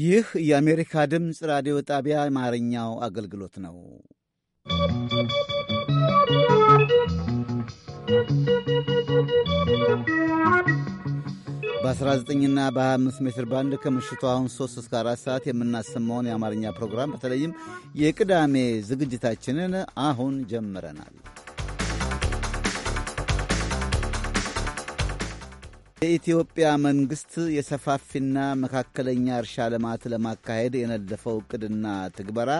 ይህ የአሜሪካ ድምፅ ራዲዮ ጣቢያ አማርኛው አገልግሎት ነው። በ19ና በ25 ሜትር ባንድ ከምሽቱ አሁን 3 እስከ 4 ሰዓት የምናሰማውን የአማርኛ ፕሮግራም በተለይም የቅዳሜ ዝግጅታችንን አሁን ጀምረናል። የኢትዮጵያ መንግስት የሰፋፊና መካከለኛ እርሻ ልማት ለማካሄድ የነደፈው ዕቅድና ትግበራ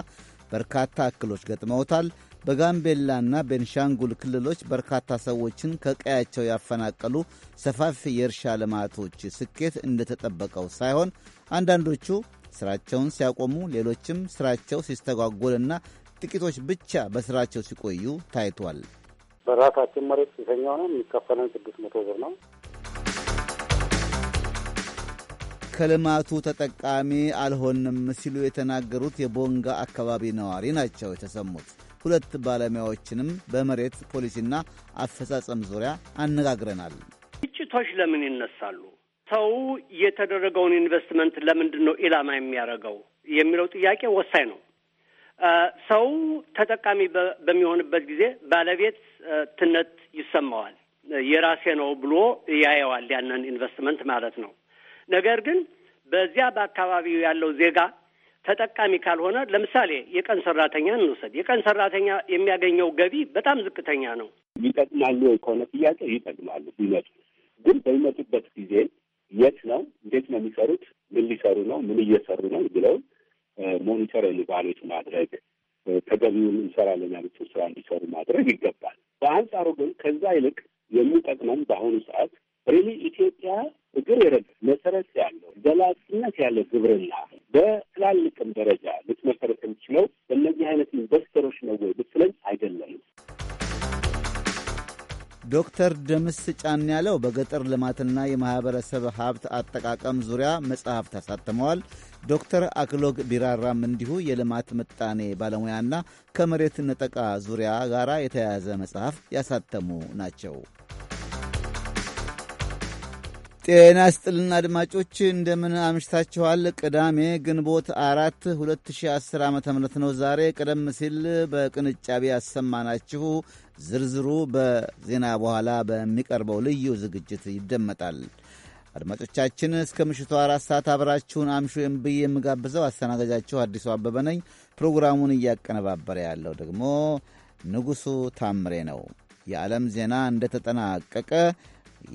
በርካታ እክሎች ገጥመውታል። በጋምቤላና ቤንሻንጉል ክልሎች በርካታ ሰዎችን ከቀያቸው ያፈናቀሉ ሰፋፊ የእርሻ ልማቶች ስኬት እንደተጠበቀው ሳይሆን አንዳንዶቹ ስራቸውን ሲያቆሙ፣ ሌሎችም ስራቸው ሲስተጓጎልና ጥቂቶች ብቻ በስራቸው ሲቆዩ ታይቷል። በራሳችን መሬት ሲሰኛ ሆነ የሚከፈለን ስድስት መቶ ብር ነው ከልማቱ ተጠቃሚ አልሆንም ሲሉ የተናገሩት የቦንጋ አካባቢ ነዋሪ ናቸው የተሰሙት። ሁለት ባለሙያዎችንም በመሬት ፖሊሲና አፈጻጸም ዙሪያ አነጋግረናል። ግጭቶች ለምን ይነሳሉ? ሰው የተደረገውን ኢንቨስትመንት ለምንድን ነው ኢላማ የሚያደርገው የሚለው ጥያቄ ወሳኝ ነው። ሰው ተጠቃሚ በሚሆንበት ጊዜ ባለቤትነት ይሰማዋል። የራሴ ነው ብሎ ያየዋል፣ ያንን ኢንቨስትመንት ማለት ነው። ነገር ግን በዚያ በአካባቢው ያለው ዜጋ ተጠቃሚ ካልሆነ፣ ለምሳሌ የቀን ሰራተኛ እንውሰድ። የቀን ሰራተኛ የሚያገኘው ገቢ በጣም ዝቅተኛ ነው። ይጠቅማሉ ወይ ከሆነ ጥያቄ ይጠቅማሉ። ቢመጡ ግን በሚመጡበት ጊዜ የት ነው እንዴት ነው የሚሰሩት፣ ምን ሊሰሩ ነው፣ ምን እየሰሩ ነው ብለው ሞኒተር ኢቫሉዌት ማድረግ ተገቢውን እንሰራለን ያሉትን ስራ እንዲሰሩ ማድረግ ይገባል። በአንጻሩ ግን ከዛ ይልቅ የሚጠቅመን በአሁኑ ሰዓት ሪሊ ኢትዮጵያ እግር የረገጠ መሰረት ያለው ዘላቂነት ያለው ግብርና በትላልቅም ደረጃ ልትመሰረት የምችለው በእነዚህ አይነት ኢንቨስተሮች ነው ወይ ብትለኝ አይደለም። ዶክተር ደምስ ጫን ያለው በገጠር ልማትና የማኅበረሰብ ሀብት አጠቃቀም ዙሪያ መጽሐፍ ታሳትመዋል። ዶክተር አክሎግ ቢራራም እንዲሁ የልማት ምጣኔ ባለሙያና ከመሬት ነጠቃ ዙሪያ ጋር የተያያዘ መጽሐፍ ያሳተሙ ናቸው። ጤና ስጥልና አድማጮች እንደምን አምሽታችኋል። ቅዳሜ ግንቦት አራት 2010 ዓ ም ነው ዛሬ። ቀደም ሲል በቅንጫቢ ያሰማናችሁ ዝርዝሩ በዜና በኋላ በሚቀርበው ልዩ ዝግጅት ይደመጣል። አድማጮቻችን እስከ ምሽቱ አራት ሰዓት አብራችሁን አምሹ ብዬ የምጋብዘው አስተናጋጃችሁ አዲሱ አበበ ነኝ። ፕሮግራሙን እያቀነባበረ ያለው ደግሞ ንጉሡ ታምሬ ነው። የዓለም ዜና እንደተጠናቀቀ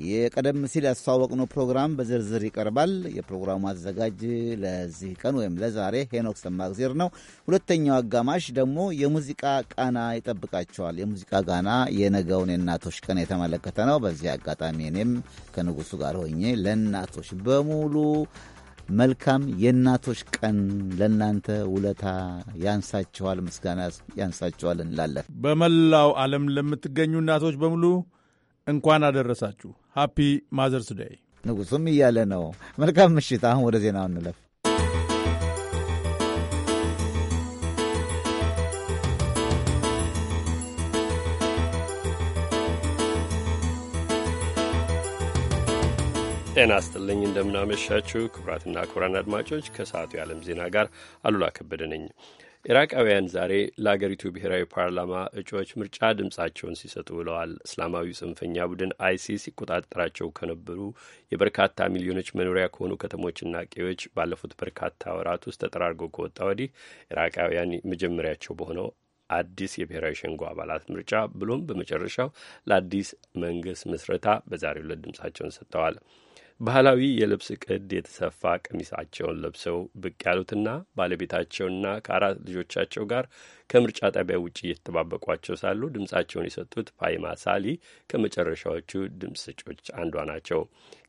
የቀደም ሲል ያስተዋወቅነው ፕሮግራም በዝርዝር ይቀርባል። የፕሮግራሙ አዘጋጅ ለዚህ ቀን ወይም ለዛሬ ሄኖክ ሰማግዜር ነው። ሁለተኛው አጋማሽ ደግሞ የሙዚቃ ቃና ይጠብቃቸዋል። የሙዚቃ ቃና የነገውን የእናቶች ቀን የተመለከተ ነው። በዚህ አጋጣሚ እኔም ከንጉሱ ጋር ሆኜ ለእናቶች በሙሉ መልካም የእናቶች ቀን ለእናንተ ውለታ ያንሳቸዋል፣ ምስጋና ያንሳቸዋል እንላለን። በመላው ዓለም ለምትገኙ እናቶች በሙሉ እንኳን አደረሳችሁ። ሃፒ ማዘርስ ዴይ። ንጉሱም እያለ ነው። መልካም ምሽት። አሁን ወደ ዜናው እንለፍ። ጤና ይስጥልኝ እንደምናመሻችሁ ክቡራትና ክቡራን አድማጮች ከሰዓቱ የዓለም ዜና ጋር አሉላ ከበደ ነኝ። ኢራቃውያን ዛሬ ለአገሪቱ ብሔራዊ ፓርላማ እጩዎች ምርጫ ድምፃቸውን ሲሰጡ ውለዋል። እስላማዊ ጽንፈኛ ቡድን አይሲስ ሲቆጣጠራቸው ከነበሩ የበርካታ ሚሊዮኖች መኖሪያ ከሆኑ ከተሞችና ቀዬዎች ባለፉት በርካታ ወራት ውስጥ ተጠራርገው ከወጣ ወዲህ ኢራቃውያን መጀመሪያቸው በሆነው አዲስ የብሔራዊ ሸንጎ አባላት ምርጫ ብሎም በመጨረሻው ለአዲስ መንግስት ምስረታ በዛሬው ዕለት ድምፃቸውን ሰጥተዋል። ባህላዊ የልብስ ቅድ የተሰፋ ቀሚሳቸውን ለብሰው ብቅ ያሉትና ባለቤታቸውና ከአራት ልጆቻቸው ጋር ከምርጫ ጣቢያ ውጭ እየተጠባበቋቸው ሳሉ ድምፃቸውን የሰጡት ፋይማ ሳሊ ከመጨረሻዎቹ ድምፅ ሰጮች አንዷ ናቸው።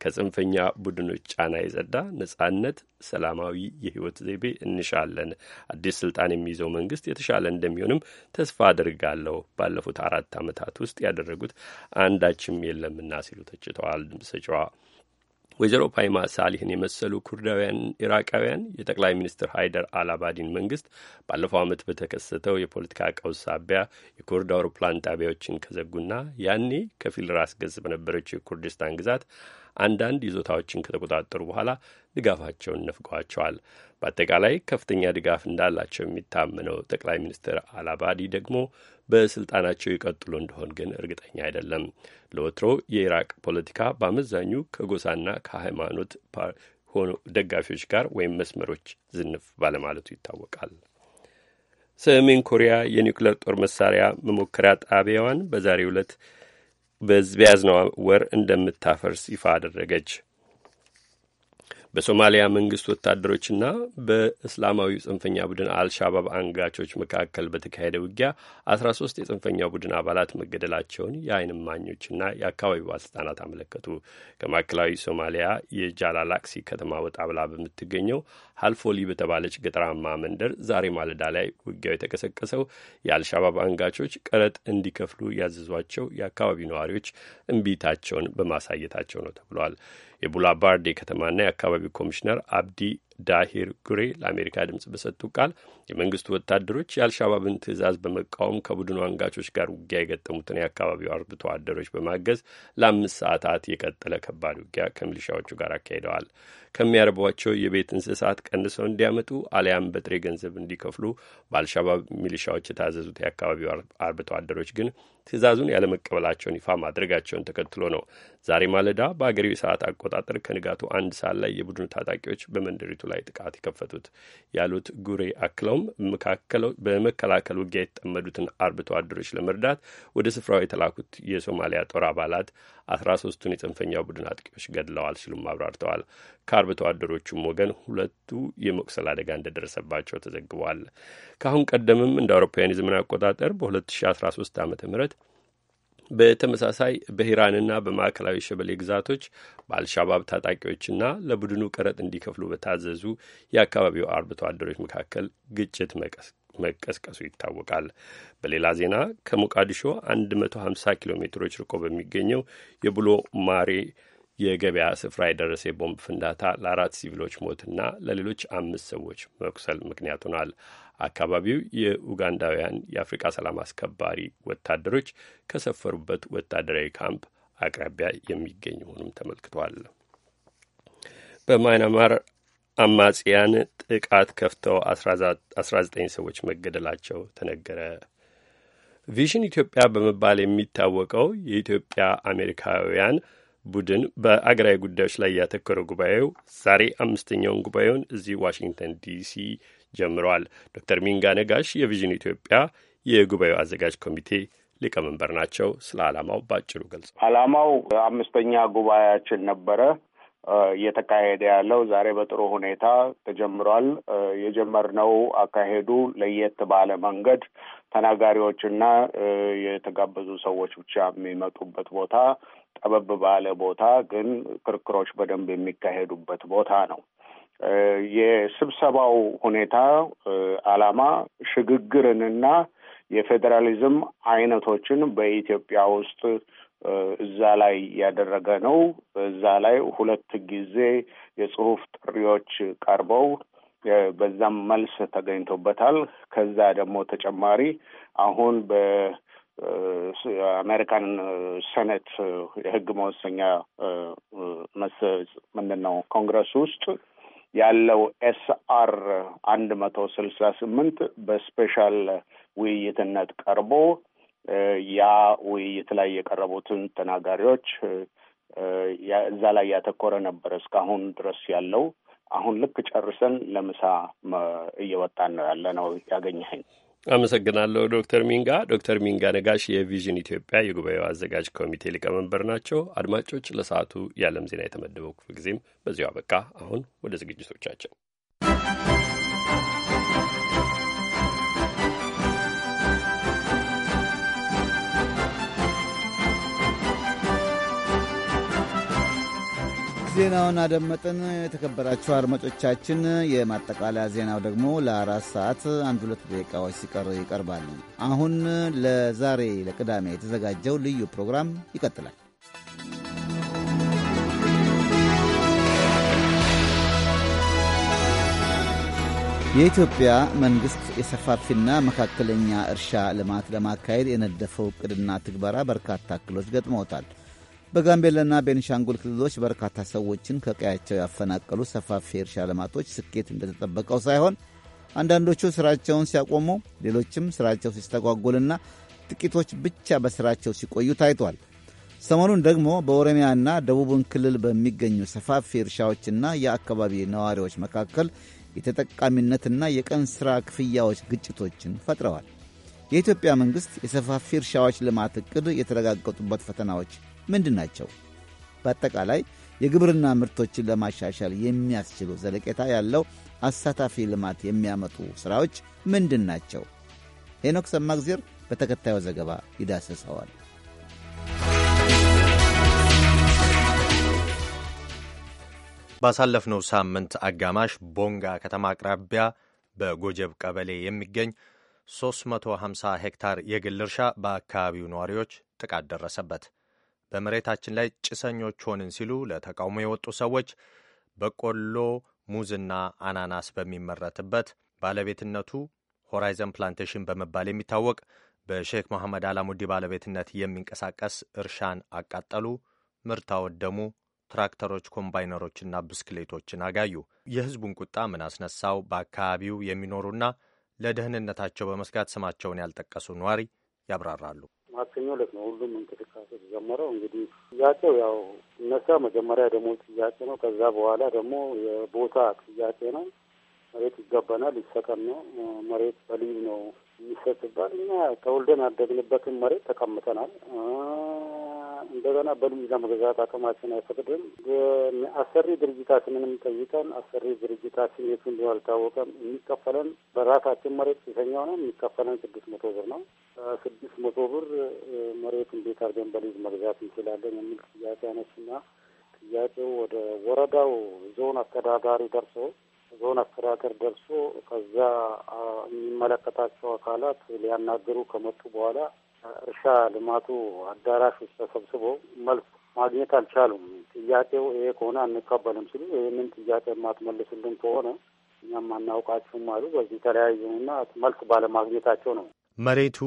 ከጽንፈኛ ቡድኖች ጫና የጸዳ ነጻነት፣ ሰላማዊ የህይወት ዘይቤ እንሻለን። አዲስ ስልጣን የሚይዘው መንግስት የተሻለ እንደሚሆንም ተስፋ አድርጋለሁ። ባለፉት አራት ዓመታት ውስጥ ያደረጉት አንዳችም የለምና ሲሉ ተችተዋል ድምፅ ሰጫዋ። ወይዘሮ ፓይማ ሳሊህን የመሰሉ ኩርዳውያን ኢራቃውያን የጠቅላይ ሚኒስትር ሃይደር አልአባዲን መንግስት ባለፈው ዓመት በተከሰተው የፖለቲካ ቀውስ ሳቢያ የኩርድ አውሮፕላን ጣቢያዎችን ከዘጉና ያኔ ከፊል ራስ ገዝ በነበረችው የኩርድስታን ግዛት አንዳንድ ይዞታዎችን ከተቆጣጠሩ በኋላ ድጋፋቸውን ነፍገዋቸዋል። በአጠቃላይ ከፍተኛ ድጋፍ እንዳላቸው የሚታመነው ጠቅላይ ሚኒስትር አልአባዲ ደግሞ በስልጣናቸው ይቀጥሉ እንደሆን ግን እርግጠኛ አይደለም። ለወትሮ የኢራቅ ፖለቲካ በአመዛኙ ከጎሳና ከሃይማኖት ሆኖ ደጋፊዎች ጋር ወይም መስመሮች ዝንፍ ባለማለቱ ይታወቃል። ሰሜን ኮሪያ የኒውክሌር ጦር መሳሪያ መሞከሪያ ጣቢያዋን በዛሬው ዕለት በያዝነው ወር እንደምታፈርስ ይፋ አደረገች። በሶማሊያ መንግስት ወታደሮችና በእስላማዊ ጽንፈኛ ቡድን አልሻባብ አንጋቾች መካከል በተካሄደ ውጊያ አስራ ሶስት የጽንፈኛ ቡድን አባላት መገደላቸውን የዓይን እማኞችና የአካባቢው ባለስልጣናት አመለከቱ። ከማዕከላዊ ሶማሊያ የጃላላክሲ ከተማ ወጣ ብላ በምትገኘው ሀልፎሊ በተባለች ገጠራማ መንደር ዛሬ ማለዳ ላይ ውጊያው የተቀሰቀሰው የአልሻባብ አንጋቾች ቀረጥ እንዲከፍሉ ያዘዟቸው የአካባቢው ነዋሪዎች እምቢታቸውን በማሳየታቸው ነው ተብሏል። የቡላባርዴ ከተማና የአካባቢው ኮሚሽነር አብዲ ዳሂር ጉሬ ለአሜሪካ ድምጽ በሰጡ ቃል የመንግስቱ ወታደሮች የአልሻባብን ትዕዛዝ በመቃወም ከቡድኑ አንጋቾች ጋር ውጊያ የገጠሙትን የአካባቢው አርብቶ አደሮች በማገዝ ለአምስት ሰዓታት የቀጠለ ከባድ ውጊያ ከሚሊሻዎቹ ጋር አካሂደዋል። ከሚያርቧቸው የቤት እንስሳት ቀንሰው እንዲያመጡ አሊያም በጥሬ ገንዘብ እንዲከፍሉ በአልሻባብ ሚሊሻዎች የታዘዙት የአካባቢው አርብቶ አደሮች ግን ትእዛዙን ያለመቀበላቸውን ይፋ ማድረጋቸውን ተከትሎ ነው። ዛሬ ማለዳ በአገሬው የሰዓት አቆጣጠር ከንጋቱ አንድ ሰዓት ላይ የቡድኑ ታጣቂዎች በመንደሪቱ ላይ ጥቃት የከፈቱት ያሉት ጉሬ አክለውም በመከላከል ውጊያ የተጠመዱትን አርብቶ አደሮች ለመርዳት ወደ ስፍራው የተላኩት የሶማሊያ ጦር አባላት አስራ ሶስቱን የጽንፈኛ ቡድን አጥቂዎች ገድለዋል ሲሉም አብራርተዋል። ከአርብቶ አደሮቹም ወገን ሁለቱ የመቁሰል አደጋ እንደደረሰባቸው ተዘግቧል። ከአሁን ቀደምም እንደ አውሮፓውያን የዘመን አቆጣጠር በ2013 ዓ ም በተመሳሳይ በሂራንና በማዕከላዊ ሸበሌ ግዛቶች በአልሻባብ ታጣቂዎችና ለቡድኑ ቀረጥ እንዲከፍሉ በታዘዙ የአካባቢው አርብቶ አደሮች መካከል ግጭት መቀስቀሱ ይታወቃል። በሌላ ዜና ከሞቃዲሾ 150 ኪሎ ሜትሮች ርቆ በሚገኘው የቡሎ ማሬ የገበያ ስፍራ የደረሰ የቦምብ ፍንዳታ ለአራት ሲቪሎች ሞትና ለሌሎች አምስት ሰዎች መቁሰል ምክንያት ሆኗል። አካባቢው የኡጋንዳውያን የአፍሪቃ ሰላም አስከባሪ ወታደሮች ከሰፈሩበት ወታደራዊ ካምፕ አቅራቢያ የሚገኝ መሆኑም ተመልክቷል። በማይናማር አማጽያን ጥቃት ከፍተው 19 ሰዎች መገደላቸው ተነገረ። ቪዥን ኢትዮጵያ በመባል የሚታወቀው የኢትዮጵያ አሜሪካውያን ቡድን በአገራዊ ጉዳዮች ላይ ያተኮረ ጉባኤው ዛሬ አምስተኛውን ጉባኤውን እዚህ ዋሽንግተን ዲሲ ጀምረዋል። ዶክተር ሚንጋ ነጋሽ የቪዥን ኢትዮጵያ የጉባኤው አዘጋጅ ኮሚቴ ሊቀመንበር ናቸው። ስለ ዓላማው በአጭሩ ገልጸው ዓላማው አምስተኛ ጉባኤያችን ነበረ። እየተካሄደ ያለው ዛሬ በጥሩ ሁኔታ ተጀምሯል። የጀመርነው አካሄዱ ለየት ባለ መንገድ ተናጋሪዎችና የተጋበዙ ሰዎች ብቻ የሚመጡበት ቦታ ጠበብ ባለ ቦታ ግን ክርክሮች በደንብ የሚካሄዱበት ቦታ ነው። የስብሰባው ሁኔታ ዓላማ ሽግግርንና የፌዴራሊዝም አይነቶችን በኢትዮጵያ ውስጥ እዛ ላይ ያደረገ ነው። እዛ ላይ ሁለት ጊዜ የጽሁፍ ጥሪዎች ቀርበው በዛም መልስ ተገኝቶበታል። ከዛ ደግሞ ተጨማሪ አሁን በአሜሪካን ሴኔት የህግ መወሰኛ ምንድን ነው ኮንግረስ ውስጥ ያለው ኤስአር አንድ መቶ ስልሳ ስምንት በስፔሻል ውይይትነት ቀርቦ ያ ውይይት ላይ የቀረቡትን ተናጋሪዎች እዛ ላይ ያተኮረ ነበር እስካሁን ድረስ ያለው። አሁን ልክ ጨርሰን ለምሳ እየወጣን ነው ያለ ነው ያገኘኸኝ። አመሰግናለሁ ዶክተር ሚንጋ። ዶክተር ሚንጋ ነጋሽ የቪዥን ኢትዮጵያ የጉባኤው አዘጋጅ ኮሚቴ ሊቀመንበር ናቸው። አድማጮች፣ ለሰዓቱ የዓለም ዜና የተመደበው ክፍል ጊዜም በዚሁ አበቃ። አሁን ወደ ዝግጅቶቻችን ዜናውን አደመጥን። የተከበራችሁ አድማጮቻችን፣ የማጠቃለያ ዜናው ደግሞ ለአራት ሰዓት አንድ ሁለት ደቂቃዎች ሲቀር ይቀርባል። አሁን ለዛሬ ለቅዳሜ የተዘጋጀው ልዩ ፕሮግራም ይቀጥላል። የኢትዮጵያ መንግሥት የሰፋፊና መካከለኛ እርሻ ልማት ለማካሄድ የነደፈው ዕቅድና ትግበራ በርካታ እክሎች ገጥመውታል። በጋምቤላና ቤንሻንጉል ክልሎች በርካታ ሰዎችን ከቀያቸው ያፈናቀሉ ሰፋፊ የእርሻ ልማቶች ስኬት እንደተጠበቀው ሳይሆን አንዳንዶቹ ስራቸውን ሲያቆሙ፣ ሌሎችም ስራቸው ሲስተጓጎልና ጥቂቶች ብቻ በስራቸው ሲቆዩ ታይቷል። ሰሞኑን ደግሞ በኦሮሚያና ደቡብን ክልል በሚገኙ ሰፋፊ እርሻዎችና የአካባቢ ነዋሪዎች መካከል የተጠቃሚነትና የቀን ሥራ ክፍያዎች ግጭቶችን ፈጥረዋል። የኢትዮጵያ መንግሥት የሰፋፊ እርሻዎች ልማት ዕቅድ የተረጋገጡበት ፈተናዎች ምንድን ናቸው? በአጠቃላይ የግብርና ምርቶችን ለማሻሻል የሚያስችሉ ዘለቄታ ያለው አሳታፊ ልማት የሚያመጡ ሥራዎች ምንድን ናቸው? ሄኖክ ሰማግዜር በተከታዩ ዘገባ ይዳሰሰዋል። ባሳለፍነው ሳምንት አጋማሽ ቦንጋ ከተማ አቅራቢያ በጎጀብ ቀበሌ የሚገኝ 350 ሄክታር የግል እርሻ በአካባቢው ነዋሪዎች ጥቃት ደረሰበት። በመሬታችን ላይ ጭሰኞች ሆንን ሲሉ ለተቃውሞ የወጡ ሰዎች በቆሎ፣ ሙዝና አናናስ በሚመረትበት ባለቤትነቱ ሆራይዘን ፕላንቴሽን በመባል የሚታወቅ በሼክ መሐመድ አላሙዲ ባለቤትነት የሚንቀሳቀስ እርሻን አቃጠሉ፣ ምርት አወደሙ፣ ትራክተሮች፣ ኮምባይነሮችና ብስክሌቶችን አጋዩ። የህዝቡን ቁጣ ምን አስነሳው? በአካባቢው የሚኖሩና ለደህንነታቸው በመስጋት ስማቸውን ያልጠቀሱ ነዋሪ ያብራራሉ። ማክሰኞ ዕለት ነው ሁሉም እንቅስቃሴ የተጀመረው። እንግዲህ ጥያቄው ያው እነሳ መጀመሪያ ደሞዝ ጥያቄ ነው። ከዛ በኋላ ደግሞ የቦታ ጥያቄ ነው። መሬት ይገባናል፣ ይሰጠን ነው። መሬት በሊዝ ነው የሚሰጥባል። እኛ ተወልደን ያደግንበትን መሬት ተቀምጠናል። እንደገና በልጅ ለመግዛት አቅማችን አይፈቅድም። አሰሪ ድርጅታችንንም ጠይቀን አሰሪ ድርጅታችን የቱ እንዲሆን አልታወቀም። የሚከፈለን በራሳችን መሬት ሲሰኛ ሆነ የሚከፈለን ስድስት መቶ ብር ነው። ስድስት መቶ ብር መሬት እንዴት አድርገን በሊዝ መግዛት እንችላለን የሚል ጥያቄ አነሱና ጥያቄው ወደ ወረዳው ዞን አስተዳዳሪ ደርሶ ዞን አስተዳደር ደርሶ ከዛ የሚመለከታቸው አካላት ሊያናግሩ ከመጡ በኋላ እርሻ ልማቱ አዳራሽ ውስጥ ተሰብስቦ መልስ ማግኘት አልቻሉም። ጥያቄው ይሄ ከሆነ አንቀበልም ሲሉ ይህንን ጥያቄ የማትመልሱልን ከሆነ እኛም አናውቃችሁም አሉ። በዚህ ተለያዩና መልስ ባለማግኘታቸው ነው መሬቱ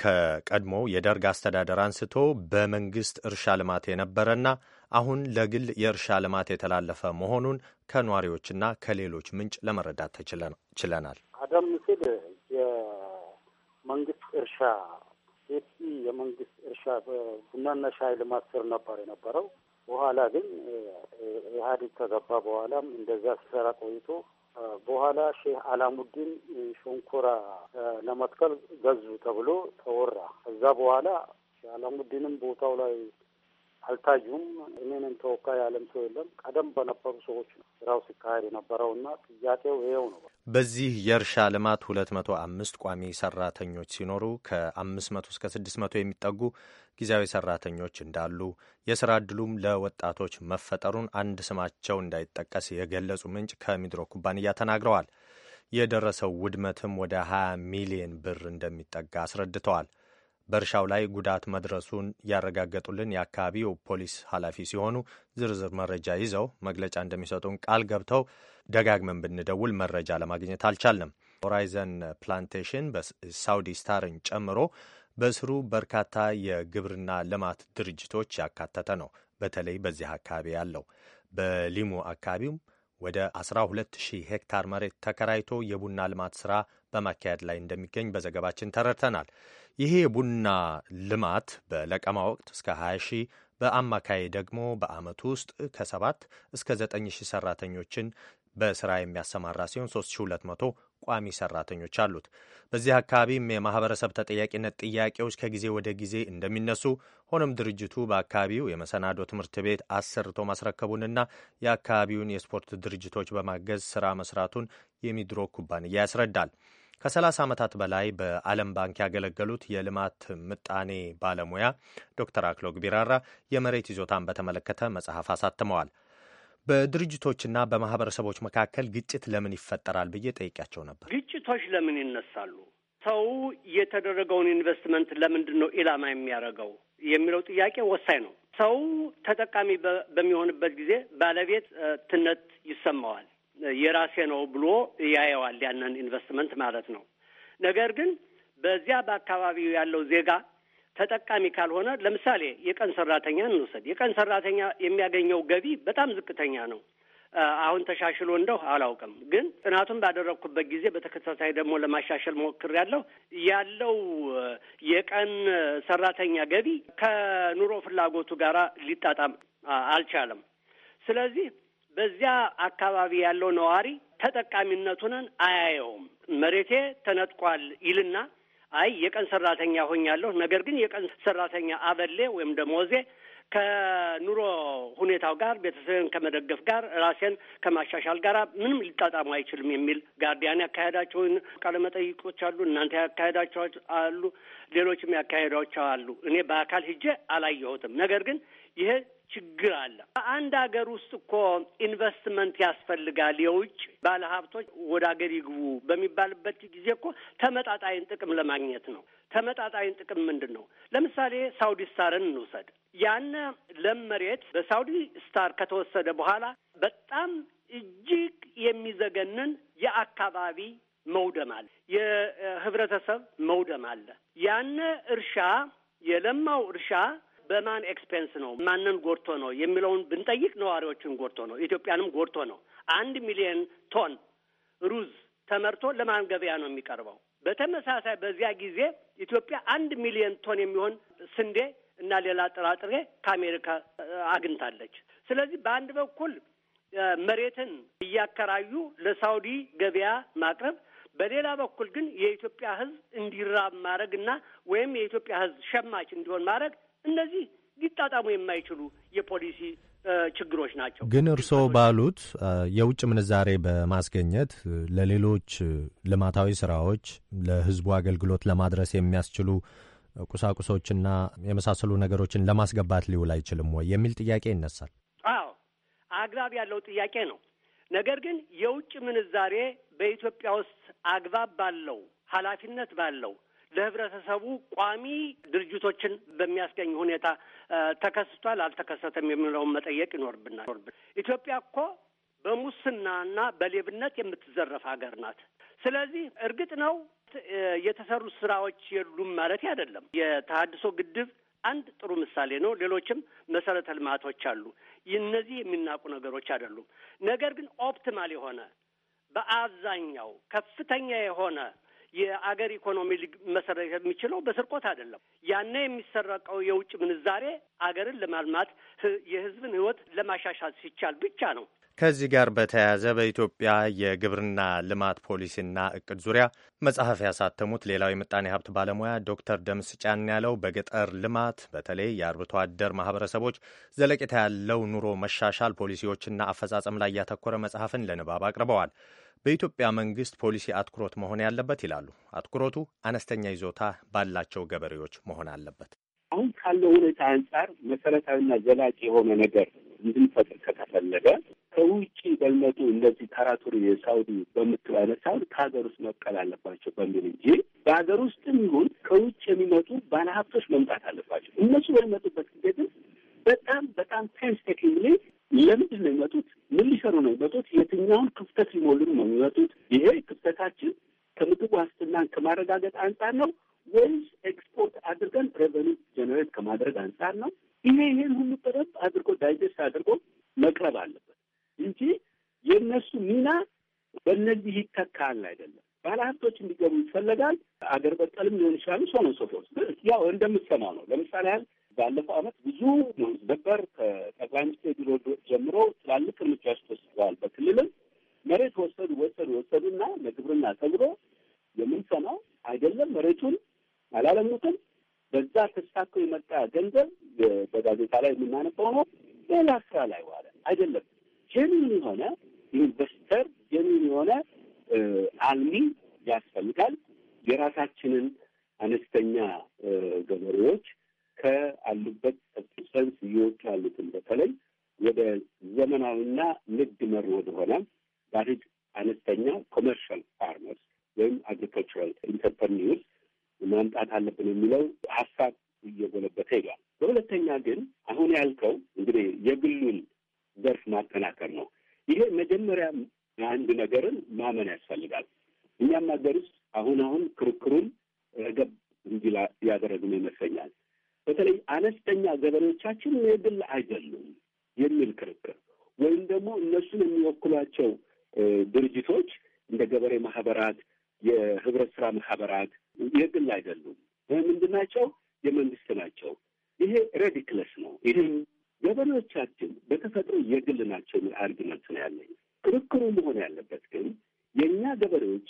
ከቀድሞ የደርግ አስተዳደር አንስቶ በመንግስት እርሻ ልማት የነበረና አሁን ለግል የእርሻ ልማት የተላለፈ መሆኑን ከኗሪዎችና ከሌሎች ምንጭ ለመረዳት ችለናል። ቀደም ሲል የመንግስት እርሻ ሰፊ የመንግስት እርሻ ቡናና ሻይ ልማት ስር ነበር የነበረው። በኋላ ግን ኢህአዴግ ከገባ በኋላም እንደዛ ሲሰራ ቆይቶ በኋላ ሼህ አላሙዲን ሸንኮራ ለመትከል ገዙ ተብሎ ተወራ። ከዛ በኋላ ሼህ አላሙዲንም ቦታው ላይ አልታዩም። እኔንም ተወካይ ያለም ሰው የለም። ቀደም በነበሩ ሰዎች ነው ስራው ሲካሄድ የነበረውና ጥያቄው ይኸው ነው። በዚህ የእርሻ ልማት ሁለት መቶ አምስት ቋሚ ሰራተኞች ሲኖሩ ከአምስት መቶ እስከ ስድስት መቶ የሚጠጉ ጊዜያዊ ሰራተኞች እንዳሉ የስራ እድሉም ለወጣቶች መፈጠሩን አንድ ስማቸው እንዳይጠቀስ የገለጹ ምንጭ ከሚድሮ ኩባንያ ተናግረዋል። የደረሰው ውድመትም ወደ 20 ሚሊዮን ብር እንደሚጠጋ አስረድተዋል። በእርሻው ላይ ጉዳት መድረሱን ያረጋገጡልን የአካባቢው ፖሊስ ኃላፊ ሲሆኑ ዝርዝር መረጃ ይዘው መግለጫ እንደሚሰጡን ቃል ገብተው ደጋግመን ብንደውል መረጃ ለማግኘት አልቻልንም። ሆራይዘን ፕላንቴሽን በሳውዲ ስታርን ጨምሮ በስሩ በርካታ የግብርና ልማት ድርጅቶች ያካተተ ነው። በተለይ በዚህ አካባቢ ያለው በሊሙ አካባቢውም ወደ 12 ሺህ ሄክታር መሬት ተከራይቶ የቡና ልማት ስራ በማካሄድ ላይ እንደሚገኝ በዘገባችን ተረድተናል። ይሄ የቡና ልማት በለቀማ ወቅት እስከ 20 ሺህ በአማካይ ደግሞ በአመቱ ውስጥ ከሰባት እስከ 9 ሺህ ሰራተኞችን በስራ የሚያሰማራ ሲሆን 3200 ቋሚ ሰራተኞች አሉት። በዚህ አካባቢም የማህበረሰብ ተጠያቂነት ጥያቄዎች ከጊዜ ወደ ጊዜ እንደሚነሱ ሆኖም ድርጅቱ በአካባቢው የመሰናዶ ትምህርት ቤት አሰርቶ ማስረከቡንና የአካባቢውን የስፖርት ድርጅቶች በማገዝ ስራ መስራቱን የሚድሮ ኩባንያ ያስረዳል። ከ30 ዓመታት በላይ በዓለም ባንክ ያገለገሉት የልማት ምጣኔ ባለሙያ ዶክተር አክሎግ ቢራራ የመሬት ይዞታን በተመለከተ መጽሐፍ አሳትመዋል። በድርጅቶችና በማህበረሰቦች መካከል ግጭት ለምን ይፈጠራል ብዬ ጠይቂያቸው ነበር። ግጭቶች ለምን ይነሳሉ? ሰው የተደረገውን ኢንቨስትመንት ለምንድን ነው ኢላማ የሚያደርገው የሚለው ጥያቄ ወሳኝ ነው። ሰው ተጠቃሚ በሚሆንበት ጊዜ ባለቤት ትነት ይሰማዋል። የራሴ ነው ብሎ ያየዋል ያንን ኢንቨስትመንት ማለት ነው። ነገር ግን በዚያ በአካባቢው ያለው ዜጋ ተጠቃሚ ካልሆነ፣ ለምሳሌ የቀን ሰራተኛ እንውሰድ። የቀን ሰራተኛ የሚያገኘው ገቢ በጣም ዝቅተኛ ነው። አሁን ተሻሽሎ እንደው አላውቅም፣ ግን ጥናቱን ባደረግኩበት ጊዜ በተከታታይ ደግሞ ለማሻሸል ያለው ያለው የቀን ሰራተኛ ገቢ ከኑሮ ፍላጎቱ ጋር ሊጣጣም አልቻለም። ስለዚህ በዚያ አካባቢ ያለው ነዋሪ ተጠቃሚነቱንን አያየውም። መሬቴ ተነጥቋል ይልና አይ የቀን ሰራተኛ ሆኛለሁ፣ ነገር ግን የቀን ሰራተኛ አበሌ ወይም ደሞዜ ከኑሮ ሁኔታው ጋር ቤተሰብን ከመደገፍ ጋር ራሴን ከማሻሻል ጋር ምንም ሊጣጣሙ አይችልም የሚል ጋርዲያን ያካሄዳቸውን ቃለመጠይቆች አሉ። እናንተ ያካሄዳቸው አሉ። ሌሎችም ያካሄዳቸው አሉ። እኔ በአካል ሂጄ አላየሁትም። ነገር ግን ይሄ ችግር አለ። አንድ ሀገር ውስጥ እኮ ኢንቨስትመንት ያስፈልጋል። የውጭ ባለሀብቶች ወደ ሀገር ይግቡ በሚባልበት ጊዜ እኮ ተመጣጣይን ጥቅም ለማግኘት ነው። ተመጣጣይን ጥቅም ምንድን ነው? ለምሳሌ ሳውዲ ስታርን እንውሰድ። ያነ ለም መሬት በሳውዲ ስታር ከተወሰደ በኋላ በጣም እጅግ የሚዘገንን የአካባቢ መውደም አለ፣ የህብረተሰብ መውደም አለ። ያነ እርሻ የለማው እርሻ በማን ኤክስፔንስ ነው ማንን ጎድቶ ነው የሚለውን ብንጠይቅ ነዋሪዎችን ጎድቶ ነው፣ ኢትዮጵያንም ጎድቶ ነው። አንድ ሚሊዮን ቶን ሩዝ ተመርቶ ለማን ገበያ ነው የሚቀርበው? በተመሳሳይ በዚያ ጊዜ ኢትዮጵያ አንድ ሚሊዮን ቶን የሚሆን ስንዴ እና ሌላ ጥራጥሬ ከአሜሪካ አግኝታለች። ስለዚህ በአንድ በኩል መሬትን እያከራዩ ለሳውዲ ገበያ ማቅረብ በሌላ በኩል ግን የኢትዮጵያ ሕዝብ እንዲራብ ማድረግ እና ወይም የኢትዮጵያ ሕዝብ ሸማች እንዲሆን ማድረግ እነዚህ ሊጣጣሙ የማይችሉ የፖሊሲ ችግሮች ናቸው። ግን እርስዎ ባሉት የውጭ ምንዛሬ በማስገኘት ለሌሎች ልማታዊ ስራዎች ለህዝቡ አገልግሎት ለማድረስ የሚያስችሉ ቁሳቁሶችና የመሳሰሉ ነገሮችን ለማስገባት ሊውል አይችልም ወይ የሚል ጥያቄ ይነሳል። አዎ አግባብ ያለው ጥያቄ ነው። ነገር ግን የውጭ ምንዛሬ በኢትዮጵያ ውስጥ አግባብ ባለው ኃላፊነት ባለው ለህብረተሰቡ ቋሚ ድርጅቶችን በሚያስገኝ ሁኔታ ተከስቷል አልተከሰተም የሚለውን መጠየቅ ይኖርብናል። ኢትዮጵያ እኮ በሙስናና በሌብነት የምትዘረፍ ሀገር ናት። ስለዚህ እርግጥ ነው የተሰሩ ስራዎች የሉም ማለት አይደለም። የተሀድሶ ግድብ አንድ ጥሩ ምሳሌ ነው። ሌሎችም መሰረተ ልማቶች አሉ። እነዚህ የሚናቁ ነገሮች አይደሉም። ነገር ግን ኦፕቲማል የሆነ በአብዛኛው ከፍተኛ የሆነ የአገር ኢኮኖሚ መሰረት የሚችለው በስርቆት አይደለም። ያነ የሚሰረቀው የውጭ ምንዛሬ አገርን ለማልማት የህዝብን ህይወት ለማሻሻል ሲቻል ብቻ ነው። ከዚህ ጋር በተያያዘ በኢትዮጵያ የግብርና ልማት ፖሊሲና እቅድ ዙሪያ መጽሐፍ ያሳተሙት ሌላው የምጣኔ ሀብት ባለሙያ ዶክተር ደምስ ጫን ያለው በገጠር ልማት በተለይ የአርብቶ አደር ማህበረሰቦች ዘለቄታ ያለው ኑሮ መሻሻል ፖሊሲዎችና አፈጻጸም ላይ ያተኮረ መጽሐፍን ለንባብ አቅርበዋል። በኢትዮጵያ መንግስት ፖሊሲ አትኩሮት መሆን ያለበት ይላሉ። አትኩሮቱ አነስተኛ ይዞታ ባላቸው ገበሬዎች መሆን አለበት። አሁን ካለው ሁኔታ አንጻር መሰረታዊና ዘላቂ የሆነ ነገር እንድንፈጥር ከተፈለገ ከውጭ በልመጡ እንደዚህ ተራቱር የሳውዲ በምትል አይነት ሳውዲ ከሀገር ውስጥ መቀል አለባቸው በሚል እንጂ በሀገር ውስጥም ይሁን ከውጭ የሚመጡ ባለሀብቶች መምጣት አለባቸው። እነሱ በሚመጡበት ጊዜ ግን በጣም በጣም ፔንስቴኪንግሊ ለምንድን ነው የሚመጡት? ምን ሊሰሩ ነው የሚመጡት? የትኛውን ክፍተት ሊሞሉ ነው የሚመጡት? ይሄ ክፍተታችን ከምግብ ዋስትናን ከማረጋገጥ አንጻር ነው ወይስ ኤክስፖርት አድርገን ሬቨኒ ጀነሬት ከማድረግ አንጻር ነው? ይሄ ይሄን ሁሉ ጥረት አድርጎ ዳይጀስት አድርጎ መቅረብ አለበት። እንጂ የእነሱ ሚና በእነዚህ ይተካል አይደለም። ባለሀብቶች እንዲገቡ ይፈለጋል። አገር በቀልም ሊሆን ይችላሉ። ሶኖ ነው ያው እንደምትሰማው ነው። ለምሳሌ ያህል ባለፈው ዓመት ብዙ ነበር። ከጠቅላይ ሚኒስትር ቢሮ ጀምሮ ትላልቅ እርምጃዎች ተወስደዋል። በክልልም መሬት ወሰዱ ወሰዱ ወሰዱና ለግብርና ተብሎ የምንሰማው አይደለም። መሬቱን አላለሙትም። በዛ ተሳክቶ የመጣ ገንዘብ በጋዜጣ ላይ የምናነበው ነው። ሌላ ስራ ላይ ዋለ አይደለም። ጀሚን የሆነ ኢንቨስተር፣ ጀሚን የሆነ አልሚ ያስፈልጋል። የራሳችንን አነስተኛ ገበሬዎች ከአሉበት ሰብስስተንስ እየወጡ ያሉትን በተለይ ወደ ዘመናዊና ንግድ መር ወደሆነ ባድግ አነስተኛ ኮመርሻል ፋርመርስ ወይም አግሪካልቸራል ኢንተርፕረኒርስ ማምጣት አለብን የሚለው ሀሳብ እየጎለበተ ይሏል። በሁለተኛ ግን አሁን ያልከው እንግዲህ የግሉን ዘርፍ ማጠናከር ነው። ይሄ መጀመሪያ አንድ ነገርን ማመን ያስፈልጋል። እኛም ሀገር ውስጥ አሁን አሁን ክርክሩን ረገብ እንዲል ያደረግን ይመስለኛል። በተለይ አነስተኛ ገበሬዎቻችን የግል አይደሉም የሚል ክርክር ወይም ደግሞ እነሱን የሚወክሏቸው ድርጅቶች እንደ ገበሬ ማህበራት፣ የህብረት ስራ ማህበራት የግል አይደሉም። ምንድናቸው? የመንግስት ናቸው። ይሄ ሬዲክለስ ነው። ይህም ገበሬዎቻችን በተፈጥሮ የግል ናቸው የሚል አርግመንት ነው ያለኝ። ክርክሩ መሆን ያለበት ግን የእኛ ገበሬዎች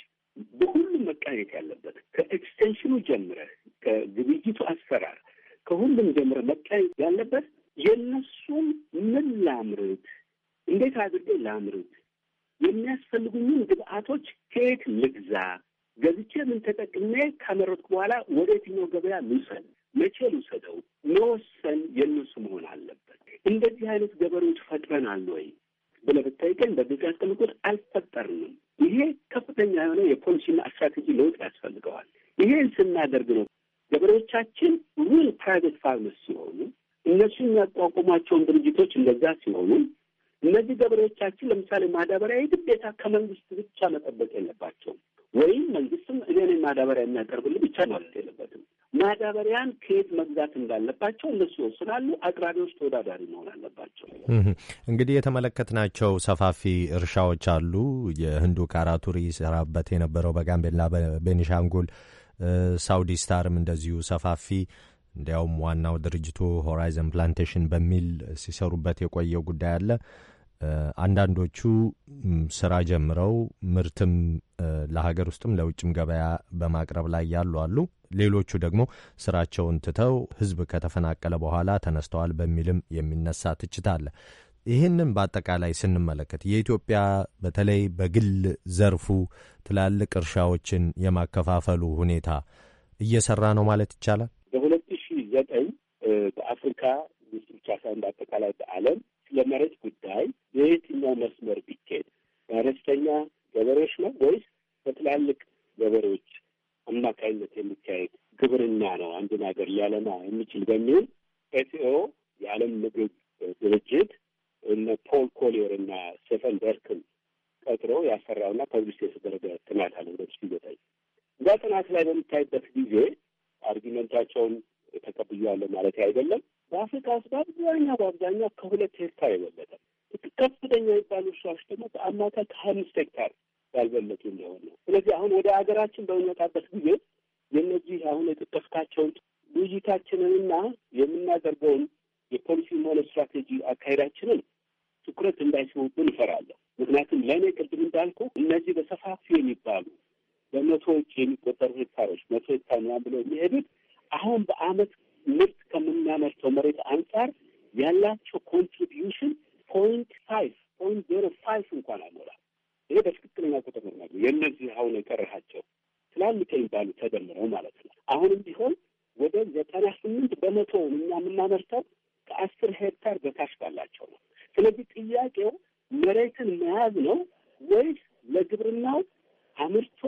በሁሉም መቃኘት ያለበት ከኤክስቴንሽኑ ጀምረህ ከግብይቱ አሰራር ከሁሉም ጀምረህ መቃኘት ያለበት የእነሱም ምን ላምርት፣ እንዴት አድርጌ ላምርት፣ የሚያስፈልጉኝን ግብአቶች ከየት ልግዛ፣ ገዝቼ ምን ተጠቅሜ ካመረጥኩ በኋላ ወደ የትኛው ገበያ ልውሰድ፣ መቼ ልውሰደው መወሰን የእነሱ መሆን አለበት። እንደዚህ አይነት ገበሬዎች ፈጥረናል ወይ ብለህ ብታይቀኝ በሚቀጥል ቁጥር አልፈጠርንም። ይሄ ከፍተኛ የሆነ የፖሊሲና ስትራቴጂ ለውጥ ያስፈልገዋል። ይሄን ስናደርግ ነው ገበሬዎቻችን ሪል ፕራይቬት ፋርመስ ሲሆኑ፣ እነሱ የሚያቋቁሟቸውን ድርጅቶች እንደዛ ሲሆኑ እነዚህ ገበሬዎቻችን ለምሳሌ ማዳበሪያ የግዴታ ከመንግስት ብቻ መጠበቅ የለባቸውም። ወይም መንግስትም እኔ ማዳበሪያ የሚያቀርብልኝ ብቻ ማለት የለበትም። ማዳበሪያን ከየት መግዛት እንዳለባቸው እነሱ ይወስናሉ። አቅራቢዎች ተወዳዳሪ መሆን አለባቸው። እንግዲህ የተመለከትናቸው ሰፋፊ እርሻዎች አሉ። የህንዱ ካራቱሪ ይሰራበት የነበረው በጋምቤላ በቤኒሻንጉል፣ ሳውዲ ስታርም እንደዚሁ ሰፋፊ እንዲያውም ዋናው ድርጅቱ ሆራይዘን ፕላንቴሽን በሚል ሲሰሩበት የቆየው ጉዳይ አለ። አንዳንዶቹ ስራ ጀምረው ምርትም ለሀገር ውስጥም ለውጭም ገበያ በማቅረብ ላይ ያሉ አሉ። ሌሎቹ ደግሞ ስራቸውን ትተው ህዝብ ከተፈናቀለ በኋላ ተነስተዋል በሚልም የሚነሳ ትችት አለ። ይህንን በአጠቃላይ ስንመለከት የኢትዮጵያ በተለይ በግል ዘርፉ ትላልቅ እርሻዎችን የማከፋፈሉ ሁኔታ እየሰራ ነው ማለት ይቻላል። በሁለት ሺህ ዘጠኝ በአፍሪካ ብቻ ሳይሆን በአጠቃላይ በዓለም ለመሬት ጉዳይ የየትኛው መስመር ቢካሄድ በአነስተኛ ገበሬዎች ነው ወይስ በትላልቅ ገበሬዎች አማካኝነት የሚካሄድ ግብርና ነው አንድን ሀገር ሊያለማ የሚችል በሚል ኤፍኤኦ የዓለም ምግብ ድርጅት እነ ፖል ኮሊየር እና ስቴፈን ደርክን ቀጥሮ ያሰራውና ፐብሊሽ የተደረገ ጥናት አለ። ወደሱ ይገጣል እዛ ጥናት ላይ በምታይበት ጊዜ አርጊመንታቸውን ተቀብያለሁ ማለት አይደለም። በአፍሪካ ውስጥ በአብዛኛው በአብዛኛው ከሁለት ሄክታር የበለጠ ከፍተኛ የሚባሉ እርሻዎች ደግሞ በአማካይ ከአምስት ሄክታር ያልበለጡ እንደሆነ ነው። ስለዚህ አሁን ወደ ሀገራችን በሚመጣበት ጊዜ የእነዚህ አሁን የጠቀስካቸውን ውይይታችንንና የምናደርገውን የፖሊሲም ሆነ ስትራቴጂ አካሄዳችንን ትኩረት እንዳይስቡብን ይፈራለሁ። ምክንያቱም ለእኔ ቅድም እንዳልኩ እነዚህ በሰፋፊ የሚባሉ በመቶዎች የሚቆጠሩ ሄክታሮች መቶ ሄክታር ምናምን ብለው የሚሄዱት አሁን በአመት ምርት ከምናመርተው መሬት አንጻር ያላቸው ኮንትሪቢዩሽን ፖይንት ፋይቭ ፖይንት ዜሮ ፋይቭ እንኳን አሞላ። ይሄ በትክክለኛ ቁጥር ነው ማለት የእነዚህ አሁን የቀረሃቸው ትላልቅ የሚባሉ ተደምረው ማለት ነው። አሁንም ቢሆን ወደ ዘጠና ስምንት በመቶ እኛ የምናመርተው ከአስር ሄክታር በታች ባላቸው ነው። ስለዚህ ጥያቄው መሬትን መያዝ ነው ወይስ ለግብርናው አምርቶ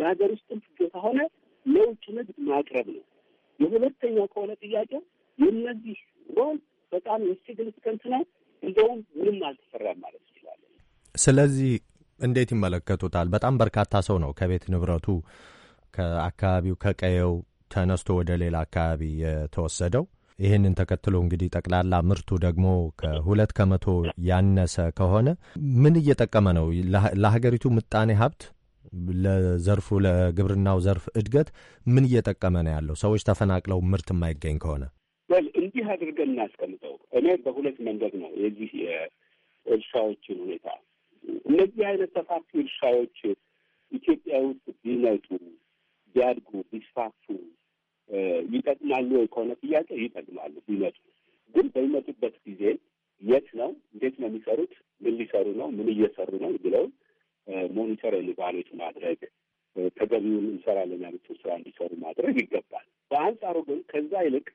ለሀገር ውስጥም ፍጆታ ሆነ ለውጭ ንግድ ማቅረብ ነው? የሁለተኛው ከሆነ ጥያቄው የእነዚህ ሮል በጣም የሲግኒፊከንት ነው። እንደውም ምንም አልተሰራም ማለት ይችላለን። ስለዚህ እንዴት ይመለከቱታል? በጣም በርካታ ሰው ነው ከቤት ንብረቱ ከአካባቢው ከቀየው ተነስቶ ወደ ሌላ አካባቢ የተወሰደው። ይህንን ተከትሎ እንግዲህ ጠቅላላ ምርቱ ደግሞ ከሁለት ከመቶ ያነሰ ከሆነ ምን እየጠቀመ ነው? ለሀገሪቱ ምጣኔ ሀብት ለዘርፉ ለግብርናው ዘርፍ እድገት ምን እየጠቀመ ነው ያለው? ሰዎች ተፈናቅለው ምርት የማይገኝ ከሆነ እንዲህ አድርገን እናስቀምጠው። እኔ በሁለት መንገድ ነው የዚህ የእርሻዎችን ሁኔታ እነዚህ አይነት ሰፋፊ እርሻዎች ኢትዮጵያ ውስጥ ቢመጡ ቢያድጉ ቢስፋፉ ይጠቅማሉ ወይ ከሆነ ጥያቄ ይጠቅማሉ። ቢመጡ ግን በሚመጡበት ጊዜ የት ነው እንዴት ነው የሚሰሩት? ምን ሊሰሩ ነው? ምን እየሰሩ ነው? ብለውን ሞኒተር ኢቫሉዌት ማድረግ ተገቢውን እንሰራለን ያሉትን ስራ እንዲሰሩ ማድረግ ይገባል። በአንጻሩ ግን ከዛ ይልቅ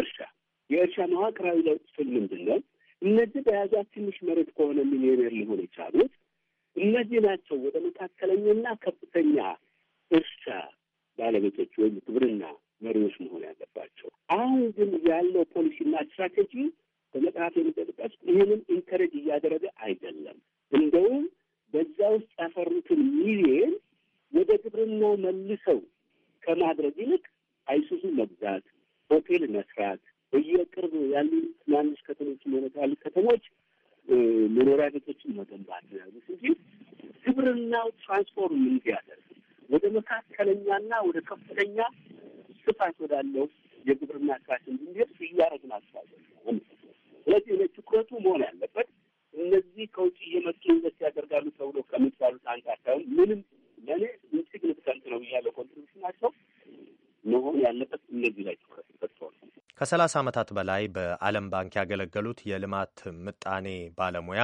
እርሻ የእርሻ መዋቅራዊ ለውጥ ስል ምንድን ነው? እነዚህ በያዟት ትንሽ መሬት ከሆነ ሚሊዮኔር ሊሆን የቻሉት እነዚህ ናቸው። ወደ መካከለኛና ከፍተኛ እርሻ ባለቤቶች ወይም ግብርና መሪዎች መሆን ያለባቸው። አሁን ግን ያለው ፖሊሲና ስትራቴጂ በመጽሐፍ የሚጠቅጠስ ይህንን ኢንከሬጅ እያደረገ አይደለም። እንደውም በዛ ውስጥ ያፈሩትን ሚሊየን ወደ ግብርናው መልሰው ከማድረግ ይልቅ አይሱዙ መግዛት ሆቴል መስራት በየቅርብ ያሉ ትናንሽ ከተሞች ማለት ያሉ ከተሞች መኖሪያ ቤቶችን መገንባት ያሉት እንጂ ግብርናው ትራንስፎርም ያደርግ ወደ መካከለኛና ወደ ከፍተኛ ስፋት ወዳለው የግብርና ስራች እንዲሄድ እያደረግን አስተዋለ። ስለዚህ እኔ ትኩረቱ መሆን ያለበት እነዚህ ከውጭ እየመጡ ኢንቨስት ያደርጋሉ ተብሎ ከምትባሉት አንጻር ሳይሆን ምንም ለእኔ ኢንሲግኒፊካንት ነው እያለው ኮንትሪቢሽን ናቸው መሆን ያለበት እነዚህ ላይ ትኩረት ይሰጥተዋል። ከሰላሳ ዓመታት በላይ በዓለም ባንክ ያገለገሉት የልማት ምጣኔ ባለሙያ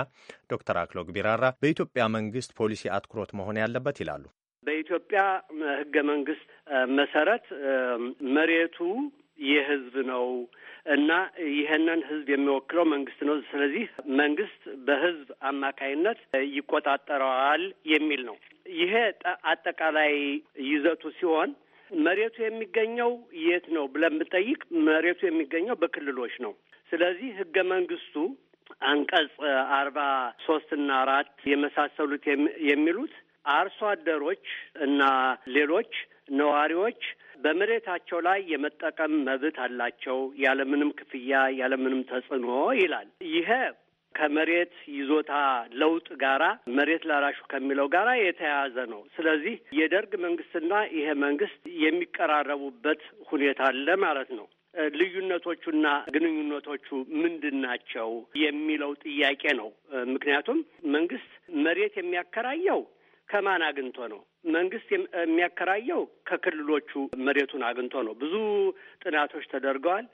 ዶክተር አክሎግ ቢራራ በኢትዮጵያ መንግስት ፖሊሲ አትኩሮት መሆን ያለበት ይላሉ። በኢትዮጵያ ህገ መንግስት መሰረት መሬቱ የህዝብ ነው እና ይህንን ህዝብ የሚወክለው መንግስት ነው። ስለዚህ መንግስት በህዝብ አማካይነት ይቆጣጠረዋል የሚል ነው። ይሄ አጠቃላይ ይዘቱ ሲሆን መሬቱ የሚገኘው የት ነው ብለን ብንጠይቅ መሬቱ የሚገኘው በክልሎች ነው። ስለዚህ ህገ መንግስቱ አንቀጽ አርባ ሶስትና አራት የመሳሰሉት የሚሉት አርሶ አደሮች እና ሌሎች ነዋሪዎች በመሬታቸው ላይ የመጠቀም መብት አላቸው ያለምንም ክፍያ ያለምንም ተጽዕኖ ይላል። ይሄ ከመሬት ይዞታ ለውጥ ጋራ መሬት ላራሹ ከሚለው ጋራ የተያያዘ ነው። ስለዚህ የደርግ መንግስትና ይሄ መንግስት የሚቀራረቡበት ሁኔታ አለ ማለት ነው። ልዩነቶቹና ግንኙነቶቹ ምንድን ናቸው የሚለው ጥያቄ ነው። ምክንያቱም መንግስት መሬት የሚያከራየው ከማን አግኝቶ ነው? መንግስት የሚያከራየው ከክልሎቹ መሬቱን አግኝቶ ነው። ብዙ ጥናቶች ተደርገዋል።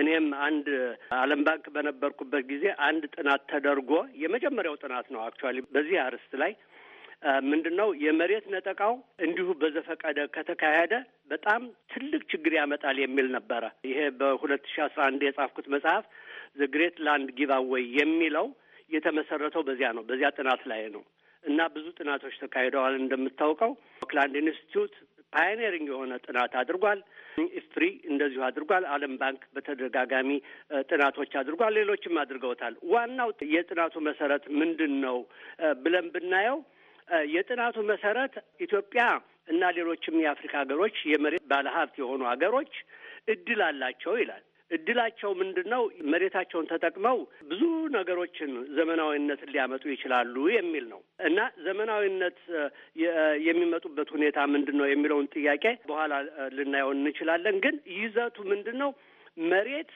እኔም አንድ ዓለም ባንክ በነበርኩበት ጊዜ አንድ ጥናት ተደርጎ የመጀመሪያው ጥናት ነው አክቹዋሊ በዚህ አርዕስት ላይ ምንድን ነው የመሬት ነጠቃው እንዲሁ በዘፈቀደ ከተካሄደ በጣም ትልቅ ችግር ያመጣል የሚል ነበረ። ይሄ በሁለት ሺ አስራ አንድ የጻፍኩት መጽሐፍ ዘ ግሬት ላንድ ጊቫወይ የሚለው የተመሰረተው በዚያ ነው፣ በዚያ ጥናት ላይ ነው እና ብዙ ጥናቶች ተካሂደዋል። እንደምታውቀው ኦክላንድ ኢንስቲትዩት ፓዮኒሪንግ የሆነ ጥናት አድርጓል። ኢፍፕሪ እንደዚሁ አድርጓል። ዓለም ባንክ በተደጋጋሚ ጥናቶች አድርጓል። ሌሎችም አድርገውታል። ዋናው የጥናቱ መሰረት ምንድን ነው ብለን ብናየው የጥናቱ መሰረት ኢትዮጵያ እና ሌሎችም የአፍሪካ ሀገሮች የመሬት ባለሀብት የሆኑ ሀገሮች እድል አላቸው ይላል። እድላቸው ምንድን ነው? መሬታቸውን ተጠቅመው ብዙ ነገሮችን ዘመናዊነት ሊያመጡ ይችላሉ የሚል ነው እና ዘመናዊነት የሚመጡበት ሁኔታ ምንድን ነው የሚለውን ጥያቄ በኋላ ልናየው እንችላለን። ግን ይዘቱ ምንድን ነው? መሬት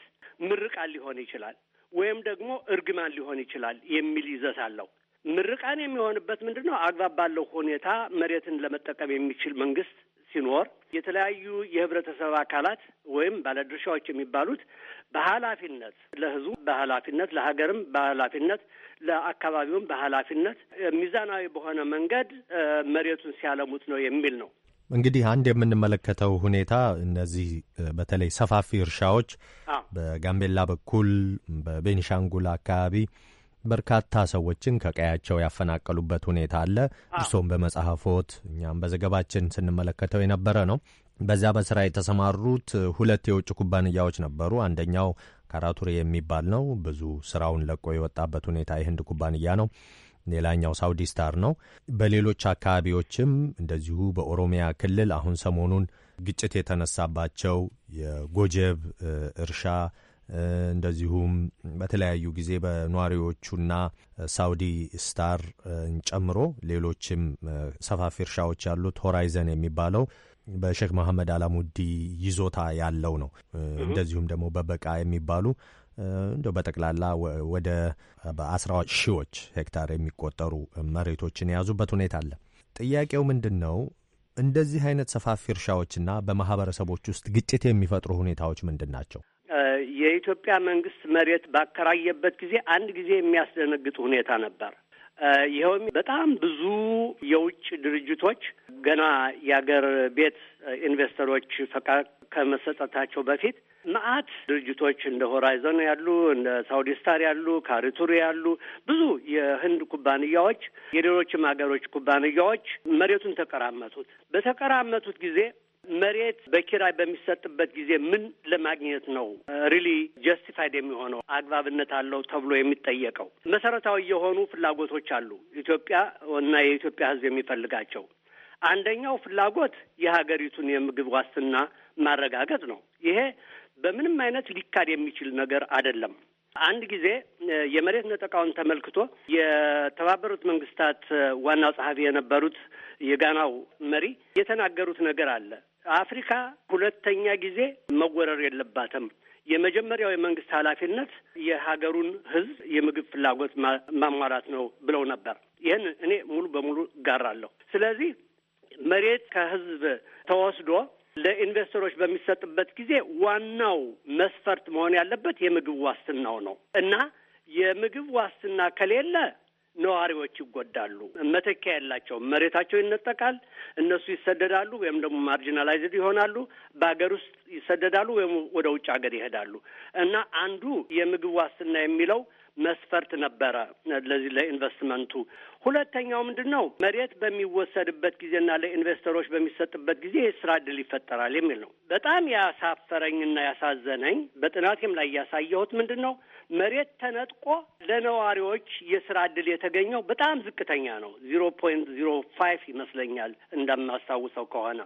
ምርቃን ሊሆን ይችላል ወይም ደግሞ እርግማን ሊሆን ይችላል የሚል ይዘት አለው። ምርቃን የሚሆንበት ምንድን ነው? አግባብ ባለው ሁኔታ መሬትን ለመጠቀም የሚችል መንግስት ሲኖር የተለያዩ የህብረተሰብ አካላት ወይም ባለድርሻዎች የሚባሉት በኃላፊነት ለህዝቡ በኃላፊነት ለሀገርም በኃላፊነት ለአካባቢውም በኃላፊነት ሚዛናዊ በሆነ መንገድ መሬቱን ሲያለሙት ነው የሚል ነው። እንግዲህ አንድ የምንመለከተው ሁኔታ እነዚህ በተለይ ሰፋፊ እርሻዎች በጋምቤላ በኩል በቤኒሻንጉል አካባቢ በርካታ ሰዎችን ከቀያቸው ያፈናቀሉበት ሁኔታ አለ። እርሶም በመጽሐፎት እኛም በዘገባችን ስንመለከተው የነበረ ነው። በዚያ በስራ የተሰማሩት ሁለት የውጭ ኩባንያዎች ነበሩ። አንደኛው ካራቱሬ የሚባል ነው፣ ብዙ ስራውን ለቆ የወጣበት ሁኔታ የህንድ ኩባንያ ነው። ሌላኛው ሳውዲ ስታር ነው። በሌሎች አካባቢዎችም እንደዚሁ በኦሮሚያ ክልል አሁን ሰሞኑን ግጭት የተነሳባቸው የጎጀብ እርሻ እንደዚሁም በተለያዩ ጊዜ በነዋሪዎቹና ሳውዲ ስታር ጨምሮ ሌሎችም ሰፋፊ እርሻዎች ያሉት ሆራይዘን የሚባለው በሼክ መሐመድ አላሙዲ ይዞታ ያለው ነው። እንደዚሁም ደግሞ በበቃ የሚባሉ እንደው በጠቅላላ ወደ በአስራ ሺዎች ሄክታር የሚቆጠሩ መሬቶችን የያዙበት ሁኔታ አለ። ጥያቄው ምንድን ነው? እንደዚህ አይነት ሰፋፊ እርሻዎችና በማህበረሰቦች ውስጥ ግጭት የሚፈጥሩ ሁኔታዎች ምንድን ናቸው? የኢትዮጵያ መንግስት መሬት ባከራየበት ጊዜ አንድ ጊዜ የሚያስደነግጥ ሁኔታ ነበር። ይኸውም በጣም ብዙ የውጭ ድርጅቶች ገና የአገር ቤት ኢንቨስተሮች ፈቃድ ከመሰጠታቸው በፊት መአት ድርጅቶች እንደ ሆራይዘን ያሉ እንደ ሳውዲ ስታር ያሉ ካሪቱር ያሉ ብዙ የህንድ ኩባንያዎች የሌሎችም ሀገሮች ኩባንያዎች መሬቱን ተቀራመቱት። በተቀራመቱት ጊዜ መሬት በኪራይ በሚሰጥበት ጊዜ ምን ለማግኘት ነው ሪሊ ጀስቲፋይድ የሚሆነው አግባብነት አለው ተብሎ የሚጠየቀው? መሰረታዊ የሆኑ ፍላጎቶች አሉ ኢትዮጵያ እና የኢትዮጵያ ሕዝብ የሚፈልጋቸው አንደኛው ፍላጎት የሀገሪቱን የምግብ ዋስትና ማረጋገጥ ነው። ይሄ በምንም አይነት ሊካድ የሚችል ነገር አይደለም። አንድ ጊዜ የመሬት ነጠቃውን ተመልክቶ የተባበሩት መንግስታት ዋናው ጸሐፊ የነበሩት የጋናው መሪ የተናገሩት ነገር አለ። አፍሪካ ሁለተኛ ጊዜ መወረር የለባትም። የመጀመሪያው የመንግስት ኃላፊነት የሀገሩን ህዝብ የምግብ ፍላጎት ማሟላት ነው ብለው ነበር። ይህን እኔ ሙሉ በሙሉ እጋራለሁ። ስለዚህ መሬት ከህዝብ ተወስዶ ለኢንቨስተሮች በሚሰጥበት ጊዜ ዋናው መስፈርት መሆን ያለበት የምግብ ዋስትናው ነው እና የምግብ ዋስትና ከሌለ ነዋሪዎች ይጎዳሉ። መተኪያ የላቸውም። መሬታቸው ይነጠቃል። እነሱ ይሰደዳሉ ወይም ደግሞ ማርጂናላይዝድ ይሆናሉ። በሀገር ውስጥ ይሰደዳሉ ወይም ወደ ውጭ ሀገር ይሄዳሉ እና አንዱ የምግብ ዋስትና የሚለው መስፈርት ነበረ ለዚህ ለኢንቨስትመንቱ። ሁለተኛው ምንድን ነው? መሬት በሚወሰድበት ጊዜና ለኢንቨስተሮች በሚሰጥበት ጊዜ የስራ እድል ይፈጠራል የሚል ነው። በጣም ያሳፈረኝና ያሳዘነኝ በጥናቴም ላይ ያሳየሁት ምንድን ነው መሬት ተነጥቆ ለነዋሪዎች የስራ እድል የተገኘው በጣም ዝቅተኛ ነው። ዚሮ ፖይንት ዚሮ ፋይቭ ይመስለኛል እንደማስታውሰው ከሆነ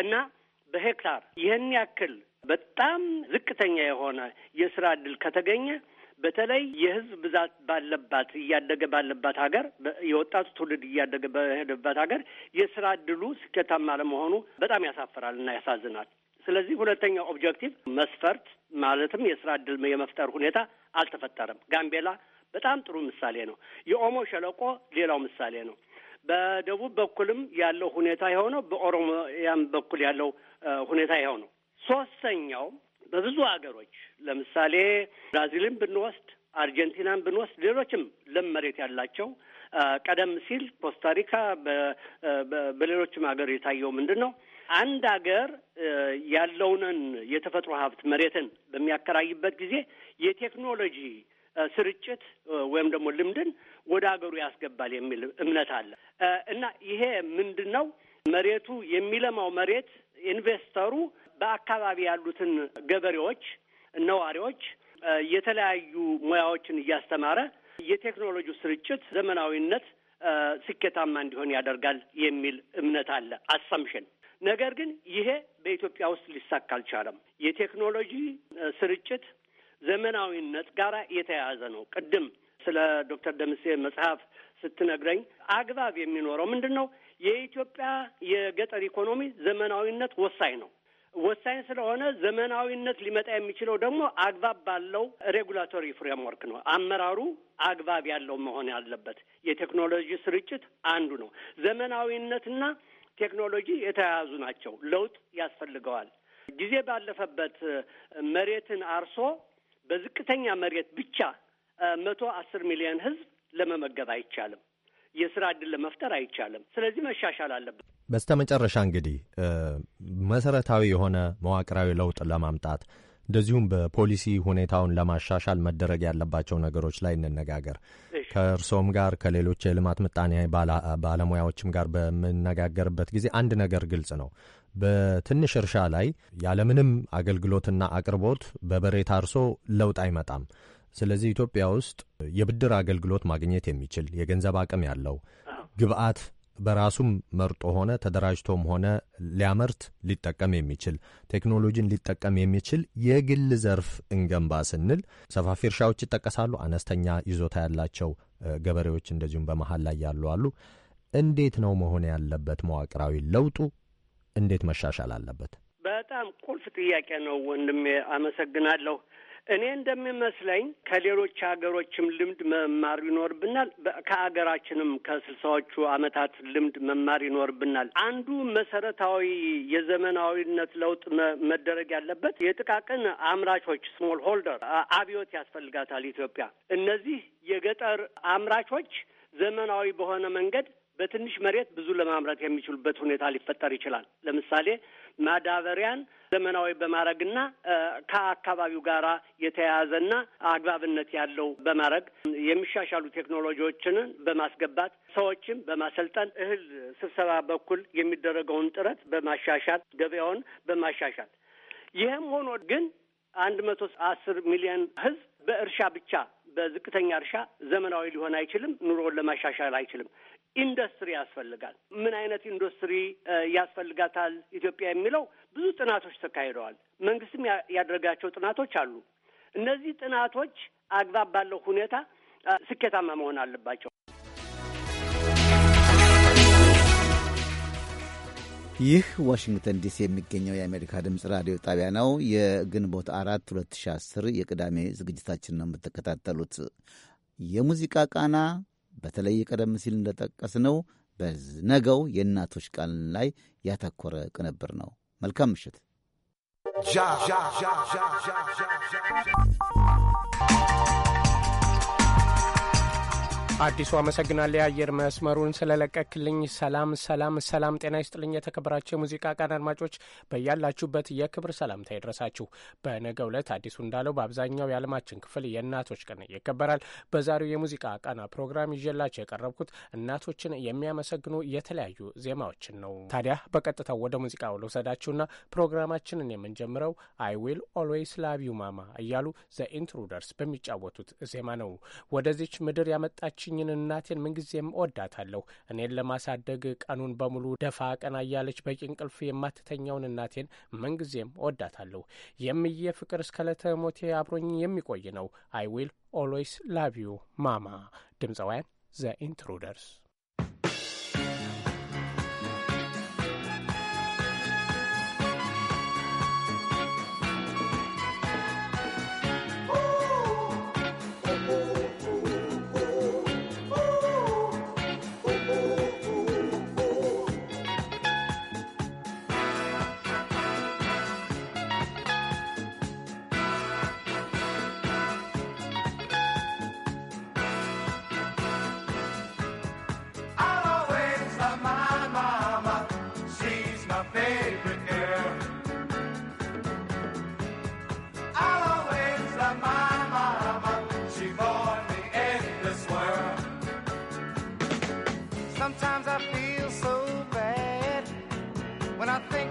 እና በሄክታር ይህን ያክል በጣም ዝቅተኛ የሆነ የስራ እድል ከተገኘ በተለይ የህዝብ ብዛት ባለባት እያደገ ባለባት ሀገር የወጣቱ ትውልድ እያደገ በሄደባት ሀገር የስራ እድሉ ስኬታማ ለመሆኑ በጣም ያሳፍራል እና ያሳዝናል። ስለዚህ ሁለተኛው ኦብጀክቲቭ መስፈርት ማለትም የስራ እድል የመፍጠር ሁኔታ አልተፈጠረም። ጋምቤላ በጣም ጥሩ ምሳሌ ነው። የኦሞ ሸለቆ ሌላው ምሳሌ ነው። በደቡብ በኩልም ያለው ሁኔታ የሆነው ነው። በኦሮሚያም በኩል ያለው ሁኔታ ይኸው ነው። ሶስተኛው በብዙ አገሮች ለምሳሌ ብራዚልን ብንወስድ፣ አርጀንቲናን ብንወስድ፣ ሌሎችም ለም መሬት ያላቸው ቀደም ሲል ኮስታሪካ፣ በሌሎችም ሀገር የታየው ምንድን ነው አንድ አገር ያለውንን የተፈጥሮ ሀብት መሬትን በሚያከራይበት ጊዜ የቴክኖሎጂ ስርጭት ወይም ደግሞ ልምድን ወደ አገሩ ያስገባል የሚል እምነት አለ እና ይሄ ምንድን ነው መሬቱ የሚለማው መሬት ኢንቨስተሩ በአካባቢ ያሉትን ገበሬዎች፣ ነዋሪዎች የተለያዩ ሙያዎችን እያስተማረ የቴክኖሎጂ ስርጭት ዘመናዊነት ስኬታማ እንዲሆን ያደርጋል የሚል እምነት አለ። አሳምሽን ነገር ግን ይሄ በኢትዮጵያ ውስጥ ሊሳካ አልቻለም። የቴክኖሎጂ ስርጭት ዘመናዊነት ጋር የተያያዘ ነው። ቅድም ስለ ዶክተር ደምሴ መጽሐፍ ስትነግረኝ አግባብ የሚኖረው ምንድን ነው? የኢትዮጵያ የገጠር ኢኮኖሚ ዘመናዊነት ወሳኝ ነው። ወሳኝ ስለሆነ ዘመናዊነት ሊመጣ የሚችለው ደግሞ አግባብ ባለው ሬጉላቶሪ ፍሬምወርክ ነው። አመራሩ አግባብ ያለው መሆን ያለበት። የቴክኖሎጂ ስርጭት አንዱ ነው። ዘመናዊነትና ቴክኖሎጂ የተያያዙ ናቸው። ለውጥ ያስፈልገዋል። ጊዜ ባለፈበት መሬትን አርሶ በዝቅተኛ መሬት ብቻ መቶ አስር ሚሊዮን ህዝብ ለመመገብ አይቻልም። የስራ እድል ለመፍጠር አይቻልም። ስለዚህ መሻሻል አለበት። በስተ መጨረሻ እንግዲህ መሰረታዊ የሆነ መዋቅራዊ ለውጥ ለማምጣት እንደዚሁም በፖሊሲ ሁኔታውን ለማሻሻል መደረግ ያለባቸው ነገሮች ላይ እንነጋገር። ከእርሶም ጋር ከሌሎች የልማት ምጣኔ ባለሙያዎችም ጋር በምነጋገርበት ጊዜ አንድ ነገር ግልጽ ነው። በትንሽ እርሻ ላይ ያለምንም አገልግሎትና አቅርቦት በበሬ ታርሶ ለውጥ አይመጣም። ስለዚህ ኢትዮጵያ ውስጥ የብድር አገልግሎት ማግኘት የሚችል የገንዘብ አቅም ያለው ግብአት በራሱም መርጦ ሆነ ተደራጅቶም ሆነ ሊያመርት ሊጠቀም የሚችል ቴክኖሎጂን ሊጠቀም የሚችል የግል ዘርፍ እንገንባ ስንል ሰፋፊ እርሻዎች ይጠቀሳሉ። አነስተኛ ይዞታ ያላቸው ገበሬዎች እንደዚሁም በመሀል ላይ ያሉ አሉ። እንዴት ነው መሆን ያለበት? መዋቅራዊ ለውጡ እንዴት መሻሻል አለበት? በጣም ቁልፍ ጥያቄ ነው ወንድሜ፣ አመሰግናለሁ። እኔ እንደሚመስለኝ ከሌሎች ሀገሮችም ልምድ መማር ይኖርብናል። ከሀገራችንም ከስልሳዎቹ አመታት ልምድ መማር ይኖርብናል። አንዱ መሰረታዊ የዘመናዊነት ለውጥ መደረግ ያለበት የጥቃቅን አምራቾች ስሞል ሆልደር አብዮት ያስፈልጋታል ኢትዮጵያ። እነዚህ የገጠር አምራቾች ዘመናዊ በሆነ መንገድ በትንሽ መሬት ብዙ ለማምረት የሚችሉበት ሁኔታ ሊፈጠር ይችላል። ለምሳሌ ማዳበሪያን ዘመናዊ በማድረግና ከአካባቢው ጋር የተያያዘና አግባብነት ያለው በማድረግ የሚሻሻሉ ቴክኖሎጂዎችንን በማስገባት ሰዎችም በማሰልጠን እህል ስብሰባ በኩል የሚደረገውን ጥረት በማሻሻል ገበያውን በማሻሻል ይህም ሆኖ ግን አንድ መቶ አስር ሚሊዮን ህዝብ በእርሻ ብቻ በዝቅተኛ እርሻ ዘመናዊ ሊሆን አይችልም። ኑሮውን ለማሻሻል አይችልም። ኢንዱስትሪ ያስፈልጋል። ምን አይነት ኢንዱስትሪ ያስፈልጋታል ኢትዮጵያ የሚለው ብዙ ጥናቶች ተካሂደዋል። መንግስትም ያደረጋቸው ጥናቶች አሉ። እነዚህ ጥናቶች አግባብ ባለው ሁኔታ ስኬታማ መሆን አለባቸው። ይህ ዋሽንግተን ዲሲ የሚገኘው የአሜሪካ ድምፅ ራዲዮ ጣቢያ ነው። የግንቦት አራት 2010 የቅዳሜ ዝግጅታችን ነው የምትከታተሉት። የሙዚቃ ቃና በተለይ ቀደም ሲል እንደጠቀስነው በነገው የእናቶች ቃል ላይ ያተኮረ ቅንብር ነው። መልካም ምሽት። አዲሱ አመሰግናለሁ የአየር መስመሩን ስለለቀክልኝ። ሰላም ሰላም ሰላም፣ ጤና ይስጥልኝ የተከበራቸው የሙዚቃ ቃን አድማጮች በያላችሁበት የክብር ሰላምታ ይድረሳችሁ። በነገው ዕለት አዲሱ እንዳለው በአብዛኛው የዓለማችን ክፍል የእናቶች ቀን ይከበራል። በዛሬው የሙዚቃ ቃና ፕሮግራም ይዤላቸው የቀረብኩት እናቶችን የሚያመሰግኑ የተለያዩ ዜማዎችን ነው። ታዲያ በቀጥታው ወደ ሙዚቃ ልውሰዳችሁና ፕሮግራማችንን የምንጀምረው አይ ዊል ኦልዌይስ ላቭ ዩ ማማ እያሉ ዘ ኢንትሩደርስ በሚጫወቱት ዜማ ነው። ወደዚች ምድር ያመጣች ያሳደገችኝን እናቴን ምንጊዜም እወዳታለሁ። እኔን ለማሳደግ ቀኑን በሙሉ ደፋ ቀና እያለች በቂ እንቅልፍ የማትተኛውን እናቴን ምንጊዜም እወዳታለሁ። የምዬ ፍቅር እስከ ዕለተ ሞቴ አብሮኝ የሚቆይ ነው። አይ ዊል ኦልዌይስ ላቭ ዩ ማማ። ድምፃውያን ዘ ኢንትሩደርስ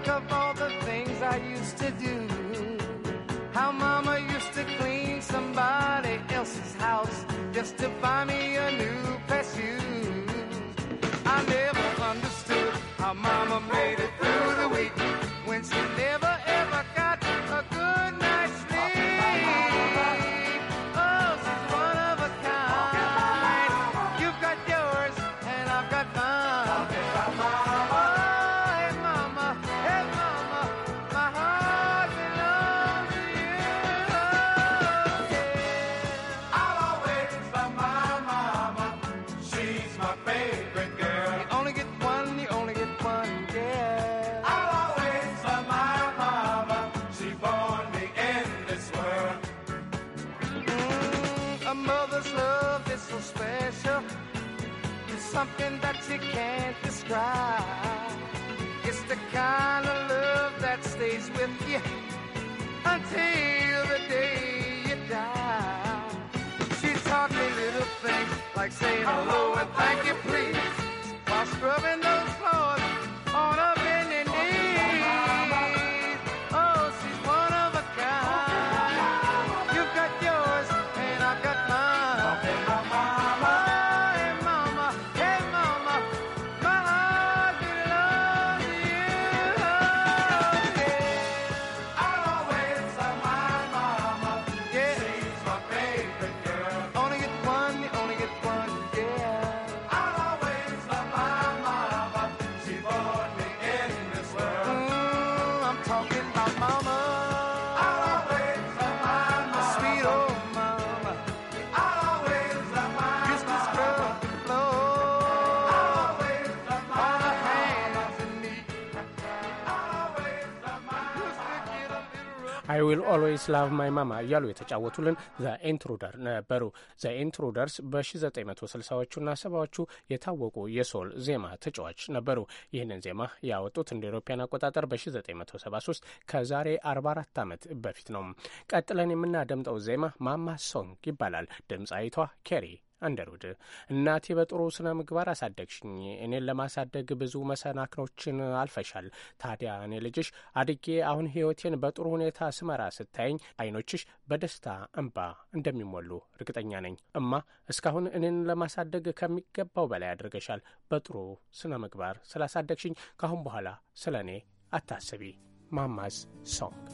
think of all the things I used to do. How mama used to clean somebody else's house just to buy me a new pair shoes. I never understood how mama made it through the week when she never ever got a good night's sleep. Oh, she's one of a kind. You've got yours and I've got mine. something that you can't describe. It's the kind of love that stays with you until the day you die. She taught me little things like saying hello and thank you, please, while scrubbing. ዊል ኦልዌይስ ላቭ ማይ ማማ እያሉ የተጫወቱልን ዘኢንትሩደር ነበሩ። ዘኢንትሩደርስ በ1960ዎቹና ሰባዎቹ የታወቁ የሶል ዜማ ተጫዋች ነበሩ። ይህንን ዜማ ያወጡት እንደ ኤሮፓያን አቆጣጠር በ1973 ከዛሬ 44 ዓመት በፊት ነው። ቀጥለን የምናደምጠው ዜማ ማማ ሶንግ ይባላል። ድምፃዊቷ ኬሪ አንደርውድ እናቴ በጥሩ ስነ ምግባር አሳደግሽኝ። እኔን ለማሳደግ ብዙ መሰናክሎችን አልፈሻል። ታዲያ እኔ ልጅሽ አድጌ አሁን ህይወቴን በጥሩ ሁኔታ ስመራ ስታየኝ አይኖችሽ በደስታ እንባ እንደሚሞሉ እርግጠኛ ነኝ። እማ እስካሁን እኔን ለማሳደግ ከሚገባው በላይ አድርገሻል። በጥሩ ስነ ምግባር ስላሳደግሽኝ ከአሁን በኋላ ስለ እኔ አታስቢ። ማማዝ ሶንግ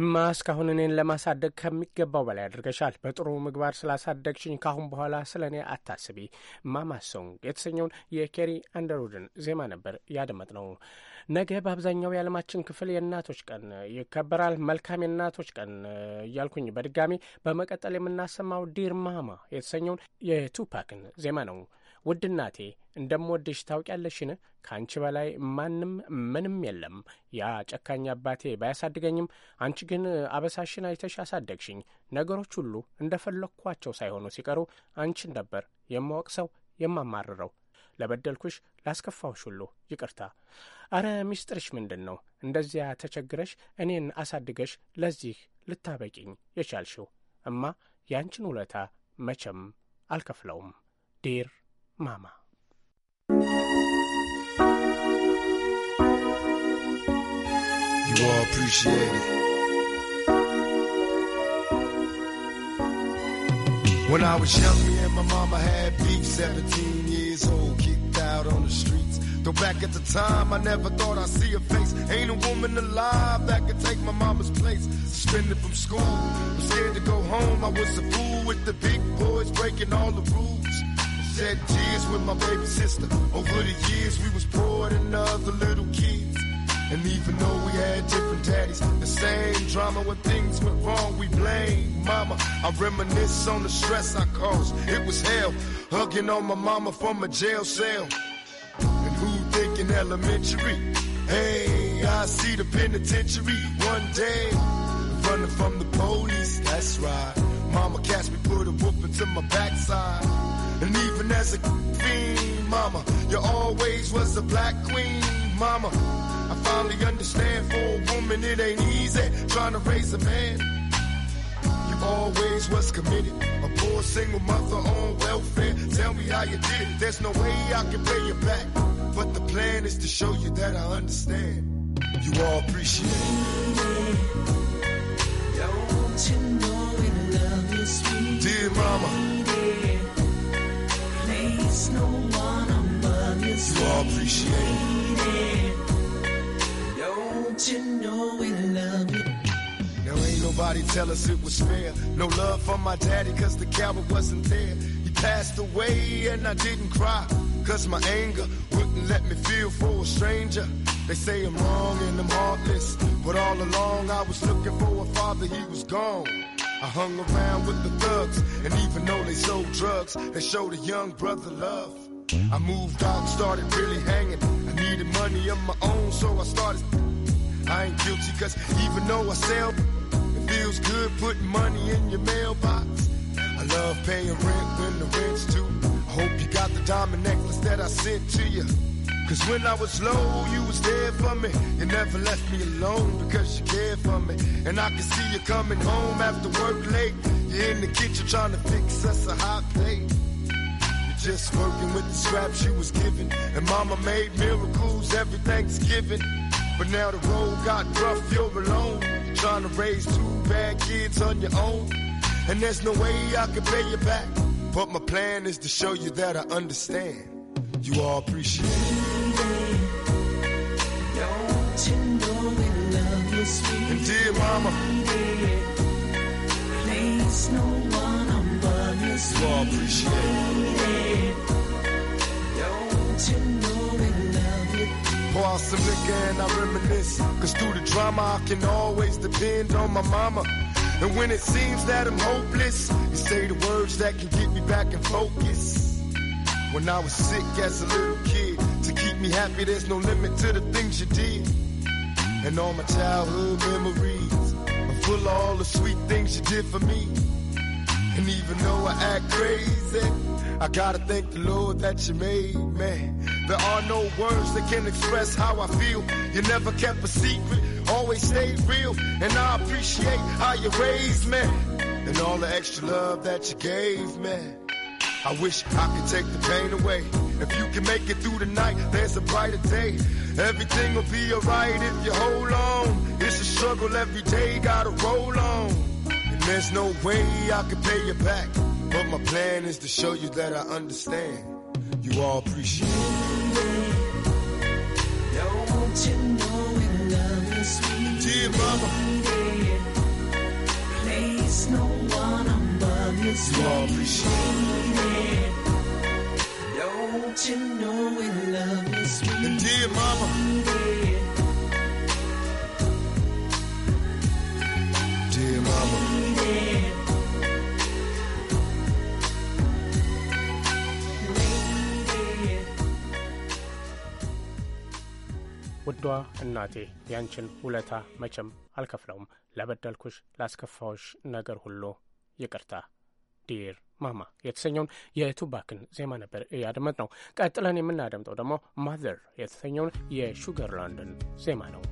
እማ እስካሁን እኔን ለማሳደግ ከሚገባው በላይ አድርገሻል። በጥሩ ምግባር ስላሳደግሽኝ ካሁን በኋላ ስለ እኔ አታስቢ። ማማ የተሰኘውን የኬሪ አንደርውድን ዜማ ነበር ያደመጥ ነው። ነገ በአብዛኛው የዓለማችን ክፍል የእናቶች ቀን ይከበራል። መልካም የእናቶች ቀን እያልኩኝ በድጋሚ በመቀጠል የምናሰማው ዲር ማማ የተሰኘውን የቱፓክን ዜማ ነው። ውድ እናቴ እንደምወድሽ ታውቂያለሽን? ከአንቺ በላይ ማንም ምንም የለም። ያ ጨካኝ አባቴ ባያሳድገኝም፣ አንቺ ግን አበሳሽን አይተሽ አሳደግሽኝ። ነገሮች ሁሉ እንደ ፈለግኳቸው ሳይሆኑ ሲቀሩ አንቺን ነበር የማወቅሰው፣ የማማርረው። ለበደልኩሽ፣ ላስከፋውሽ ሁሉ ይቅርታ። አረ ሚስጥርሽ ምንድን ነው? እንደዚያ ተቸግረሽ እኔን አሳድገሽ ለዚህ ልታበቂኝ የቻልሽው? እማ ያንቺን ውለታ መቼም አልከፍለውም ዴር Mama. You all appreciate it. When I was young, me and my mama had beef, 17 years old, kicked out on the streets. Though back at the time, I never thought I'd see her face. Ain't a woman alive that could take my mama's place. Suspended from school, I'm scared to go home. I was a fool with the big boys breaking all the rules. Shed tears with my baby sister. Over the years, we was poor than other little kids. And even though we had different daddies, the same drama when things went wrong, we blame mama. I reminisce on the stress I caused. It was hell, hugging on my mama from a jail cell. And who thinking elementary? Hey, I see the penitentiary one day. Running from the police, that's right. Mama catch me, put a whoop into my backside. And even as a queen, mama, you always was a black queen, mama. I finally understand for a woman it ain't easy trying to raise a man. You always was committed, a poor single mother on welfare. Tell me how you did it. There's no way I can pay you back, but the plan is to show you that I understand. You all appreciate it. Dear mama. There's no one You appreciate it. Don't you know we love you? There ain't nobody tell us it was fair. No love for my daddy, cause the coward wasn't there. He passed away and I didn't cry. Cause my anger wouldn't let me feel for a stranger. They say I'm wrong and I'm heartless, but all along I was looking for a father, he was gone. I hung around with the thugs, and even though they sold drugs, they showed a young brother love. I moved out and started really hanging. I needed money of my own, so I started. I ain't guilty, cause even though I sell, it feels good putting money in your mailbox. I love paying rent when the rent's due. I hope you got the diamond necklace that I sent to you. Cause when I was low, you was there for me. You never left me alone because you cared for me. And I can see you coming home after work late. You're in the kitchen trying to fix us a hot plate. You're just working with the scraps she was given. And mama made miracles every Thanksgiving. But now the road got rough, you're alone. You're trying to raise two bad kids on your own. And there's no way I can pay you back. But my plan is to show you that I understand. You all appreciate it. Dear mama, place no one above you. You all appreciate it. Don't you know we love you? Pour out some liquor and I reminisce. Cause through the drama, I can always depend on my mama. And when it seems that I'm hopeless, you say the words that can get me back in focus. When I was sick as a little kid me happy, there's no limit to the things you did. And all my childhood memories are full of all the sweet things you did for me. And even though I act crazy, I gotta thank the Lord that you made me. There are no words that can express how I feel. You never kept a secret, always stayed real. And I appreciate how you raised me. And all the extra love that you gave me. I wish I could take the pain away if you can make it through the night, there's a brighter day. Everything will be alright if you hold on. It's a struggle every day, gotta roll on. And there's no way I can pay you back. But my plan is to show you that I understand. You all appreciate it. not you know love is sweet? Dear mama. Place no one above you. You all appreciate it. ውዷ እናቴ ያንችን ውለታ መቼም አልከፍለውም። ለበደልኩሽ ላስከፋዎሽ ነገር ሁሉ ይቅርታ ዲር ማማ የተሰኘውን የቱባክን ዜማ ነበር እያደመጥ ነው። ቀጥለን የምናደምጠው ደግሞ ማዘር የተሰኘውን የሹገርላንድን ዜማ ነው።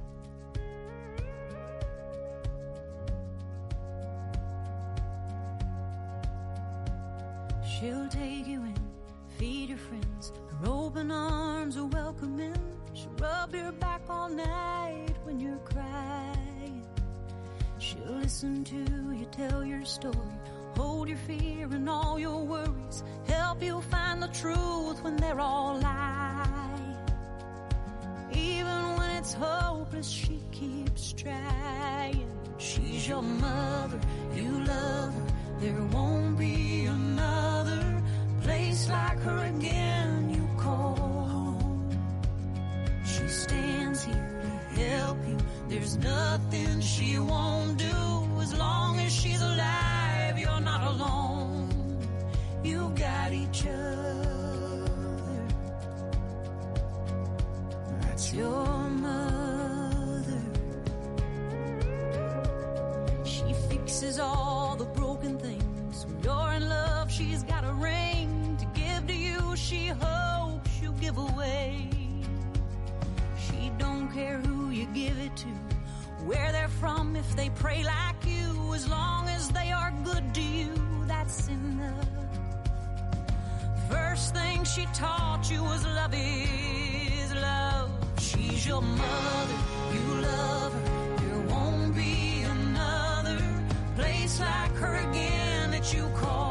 She'll take you in, feed your friends. Her open arms are welcoming. She'll rub your back all night when you're crying. She'll listen to you tell your story hold your fear and all your worries, help you find the truth when they're all lies. Even when it's hopeless, she keeps trying. She's your mother, you love her, there won't be another place like her again you call home. She stands here to help you, there's nothing she won't do as long as she's alive love, you're not alone. You got each other. That's your mother. She fixes all the broken things. When you're in love, she's got a ring to give to you. She hopes you give away. She don't care who you give it to, where they're from, if they pray like you as long as they are good to you. That's enough. First thing she taught you was love is love. She's your mother, you love her. There won't be another place like her again that you call.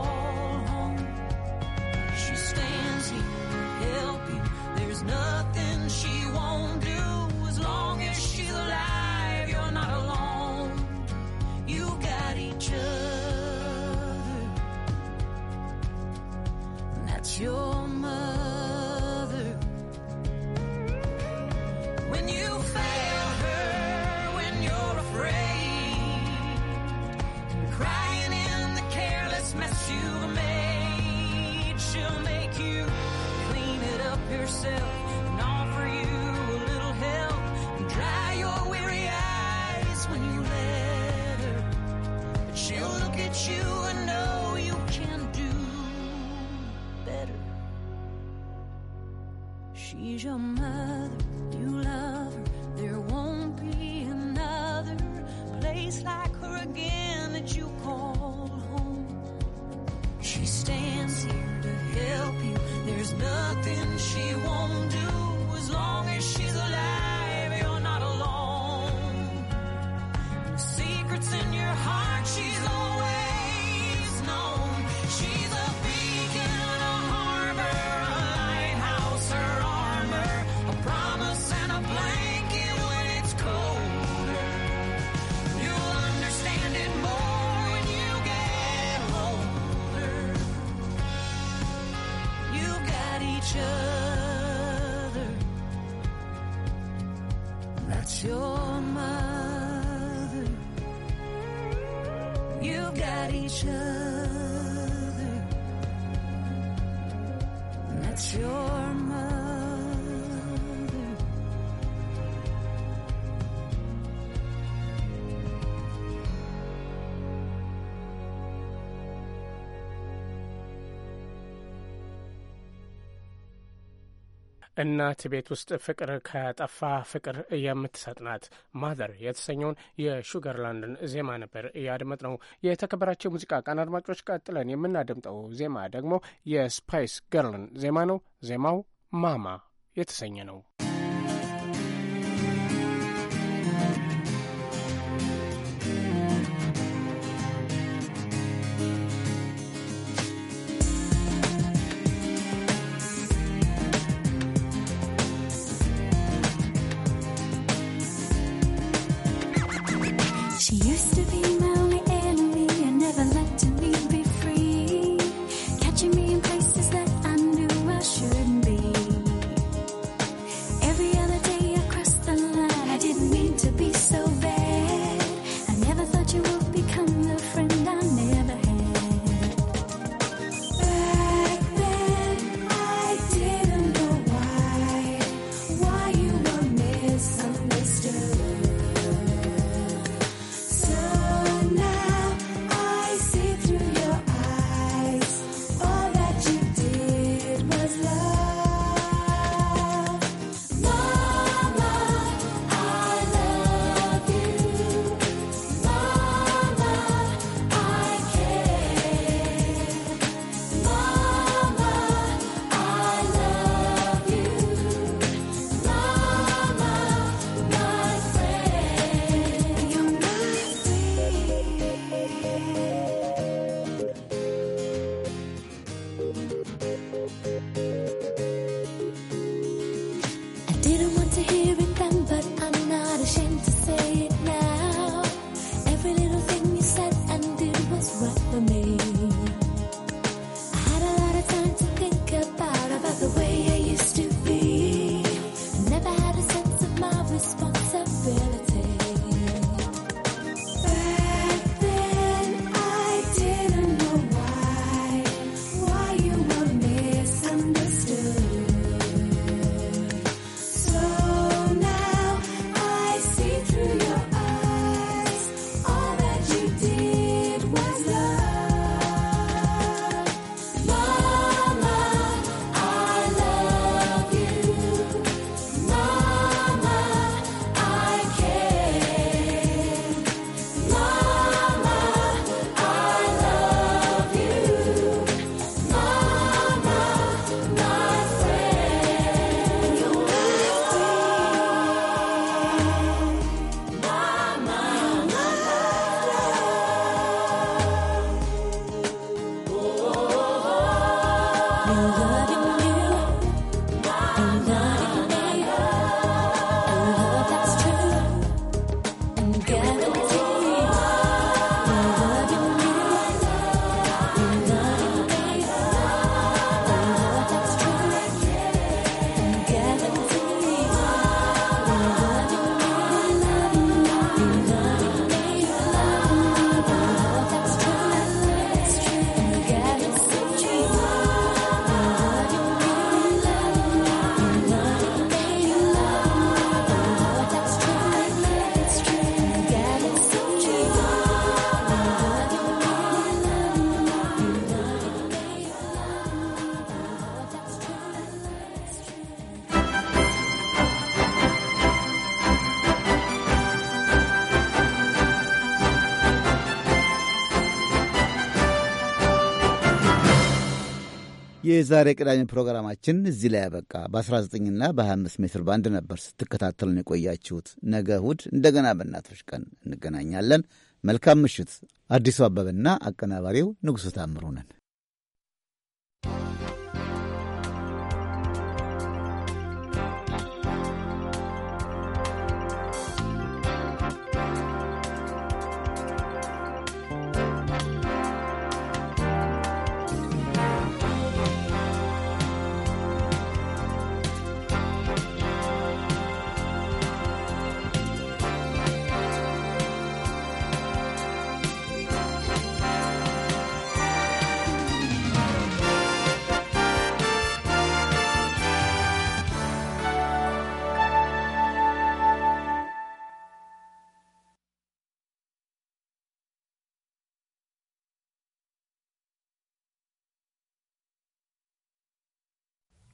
your mother. When you fail her, when you're afraid, and crying in the careless mess you've made, she'll make you clean it up yourself. 为什么？at each other. That's your mother. You've got each other. That's your እናት ቤት ውስጥ ፍቅር ከጠፋ ፍቅር የምትሰጥ ናት ማዘር የተሰኘውን የሹገርላንድን ዜማ ነበር እያድመጥ ነው። የተከበራቸው የሙዚቃ ቃን አድማጮች፣ ቀጥለን የምናደምጠው ዜማ ደግሞ የስፓይስ ገርልን ዜማ ነው። ዜማው ማማ የተሰኘ ነው። የዛሬ ቅዳሜ ፕሮግራማችን እዚህ ላይ ያበቃ። በ19ና በ25 ሜትር ባንድ ነበር ስትከታተሉን የቆያችሁት። ነገ እሁድ እንደገና በእናቶች ቀን እንገናኛለን። መልካም ምሽት። አዲሱ አበበና አቀናባሪው ንጉሥ ታምሩ ነን።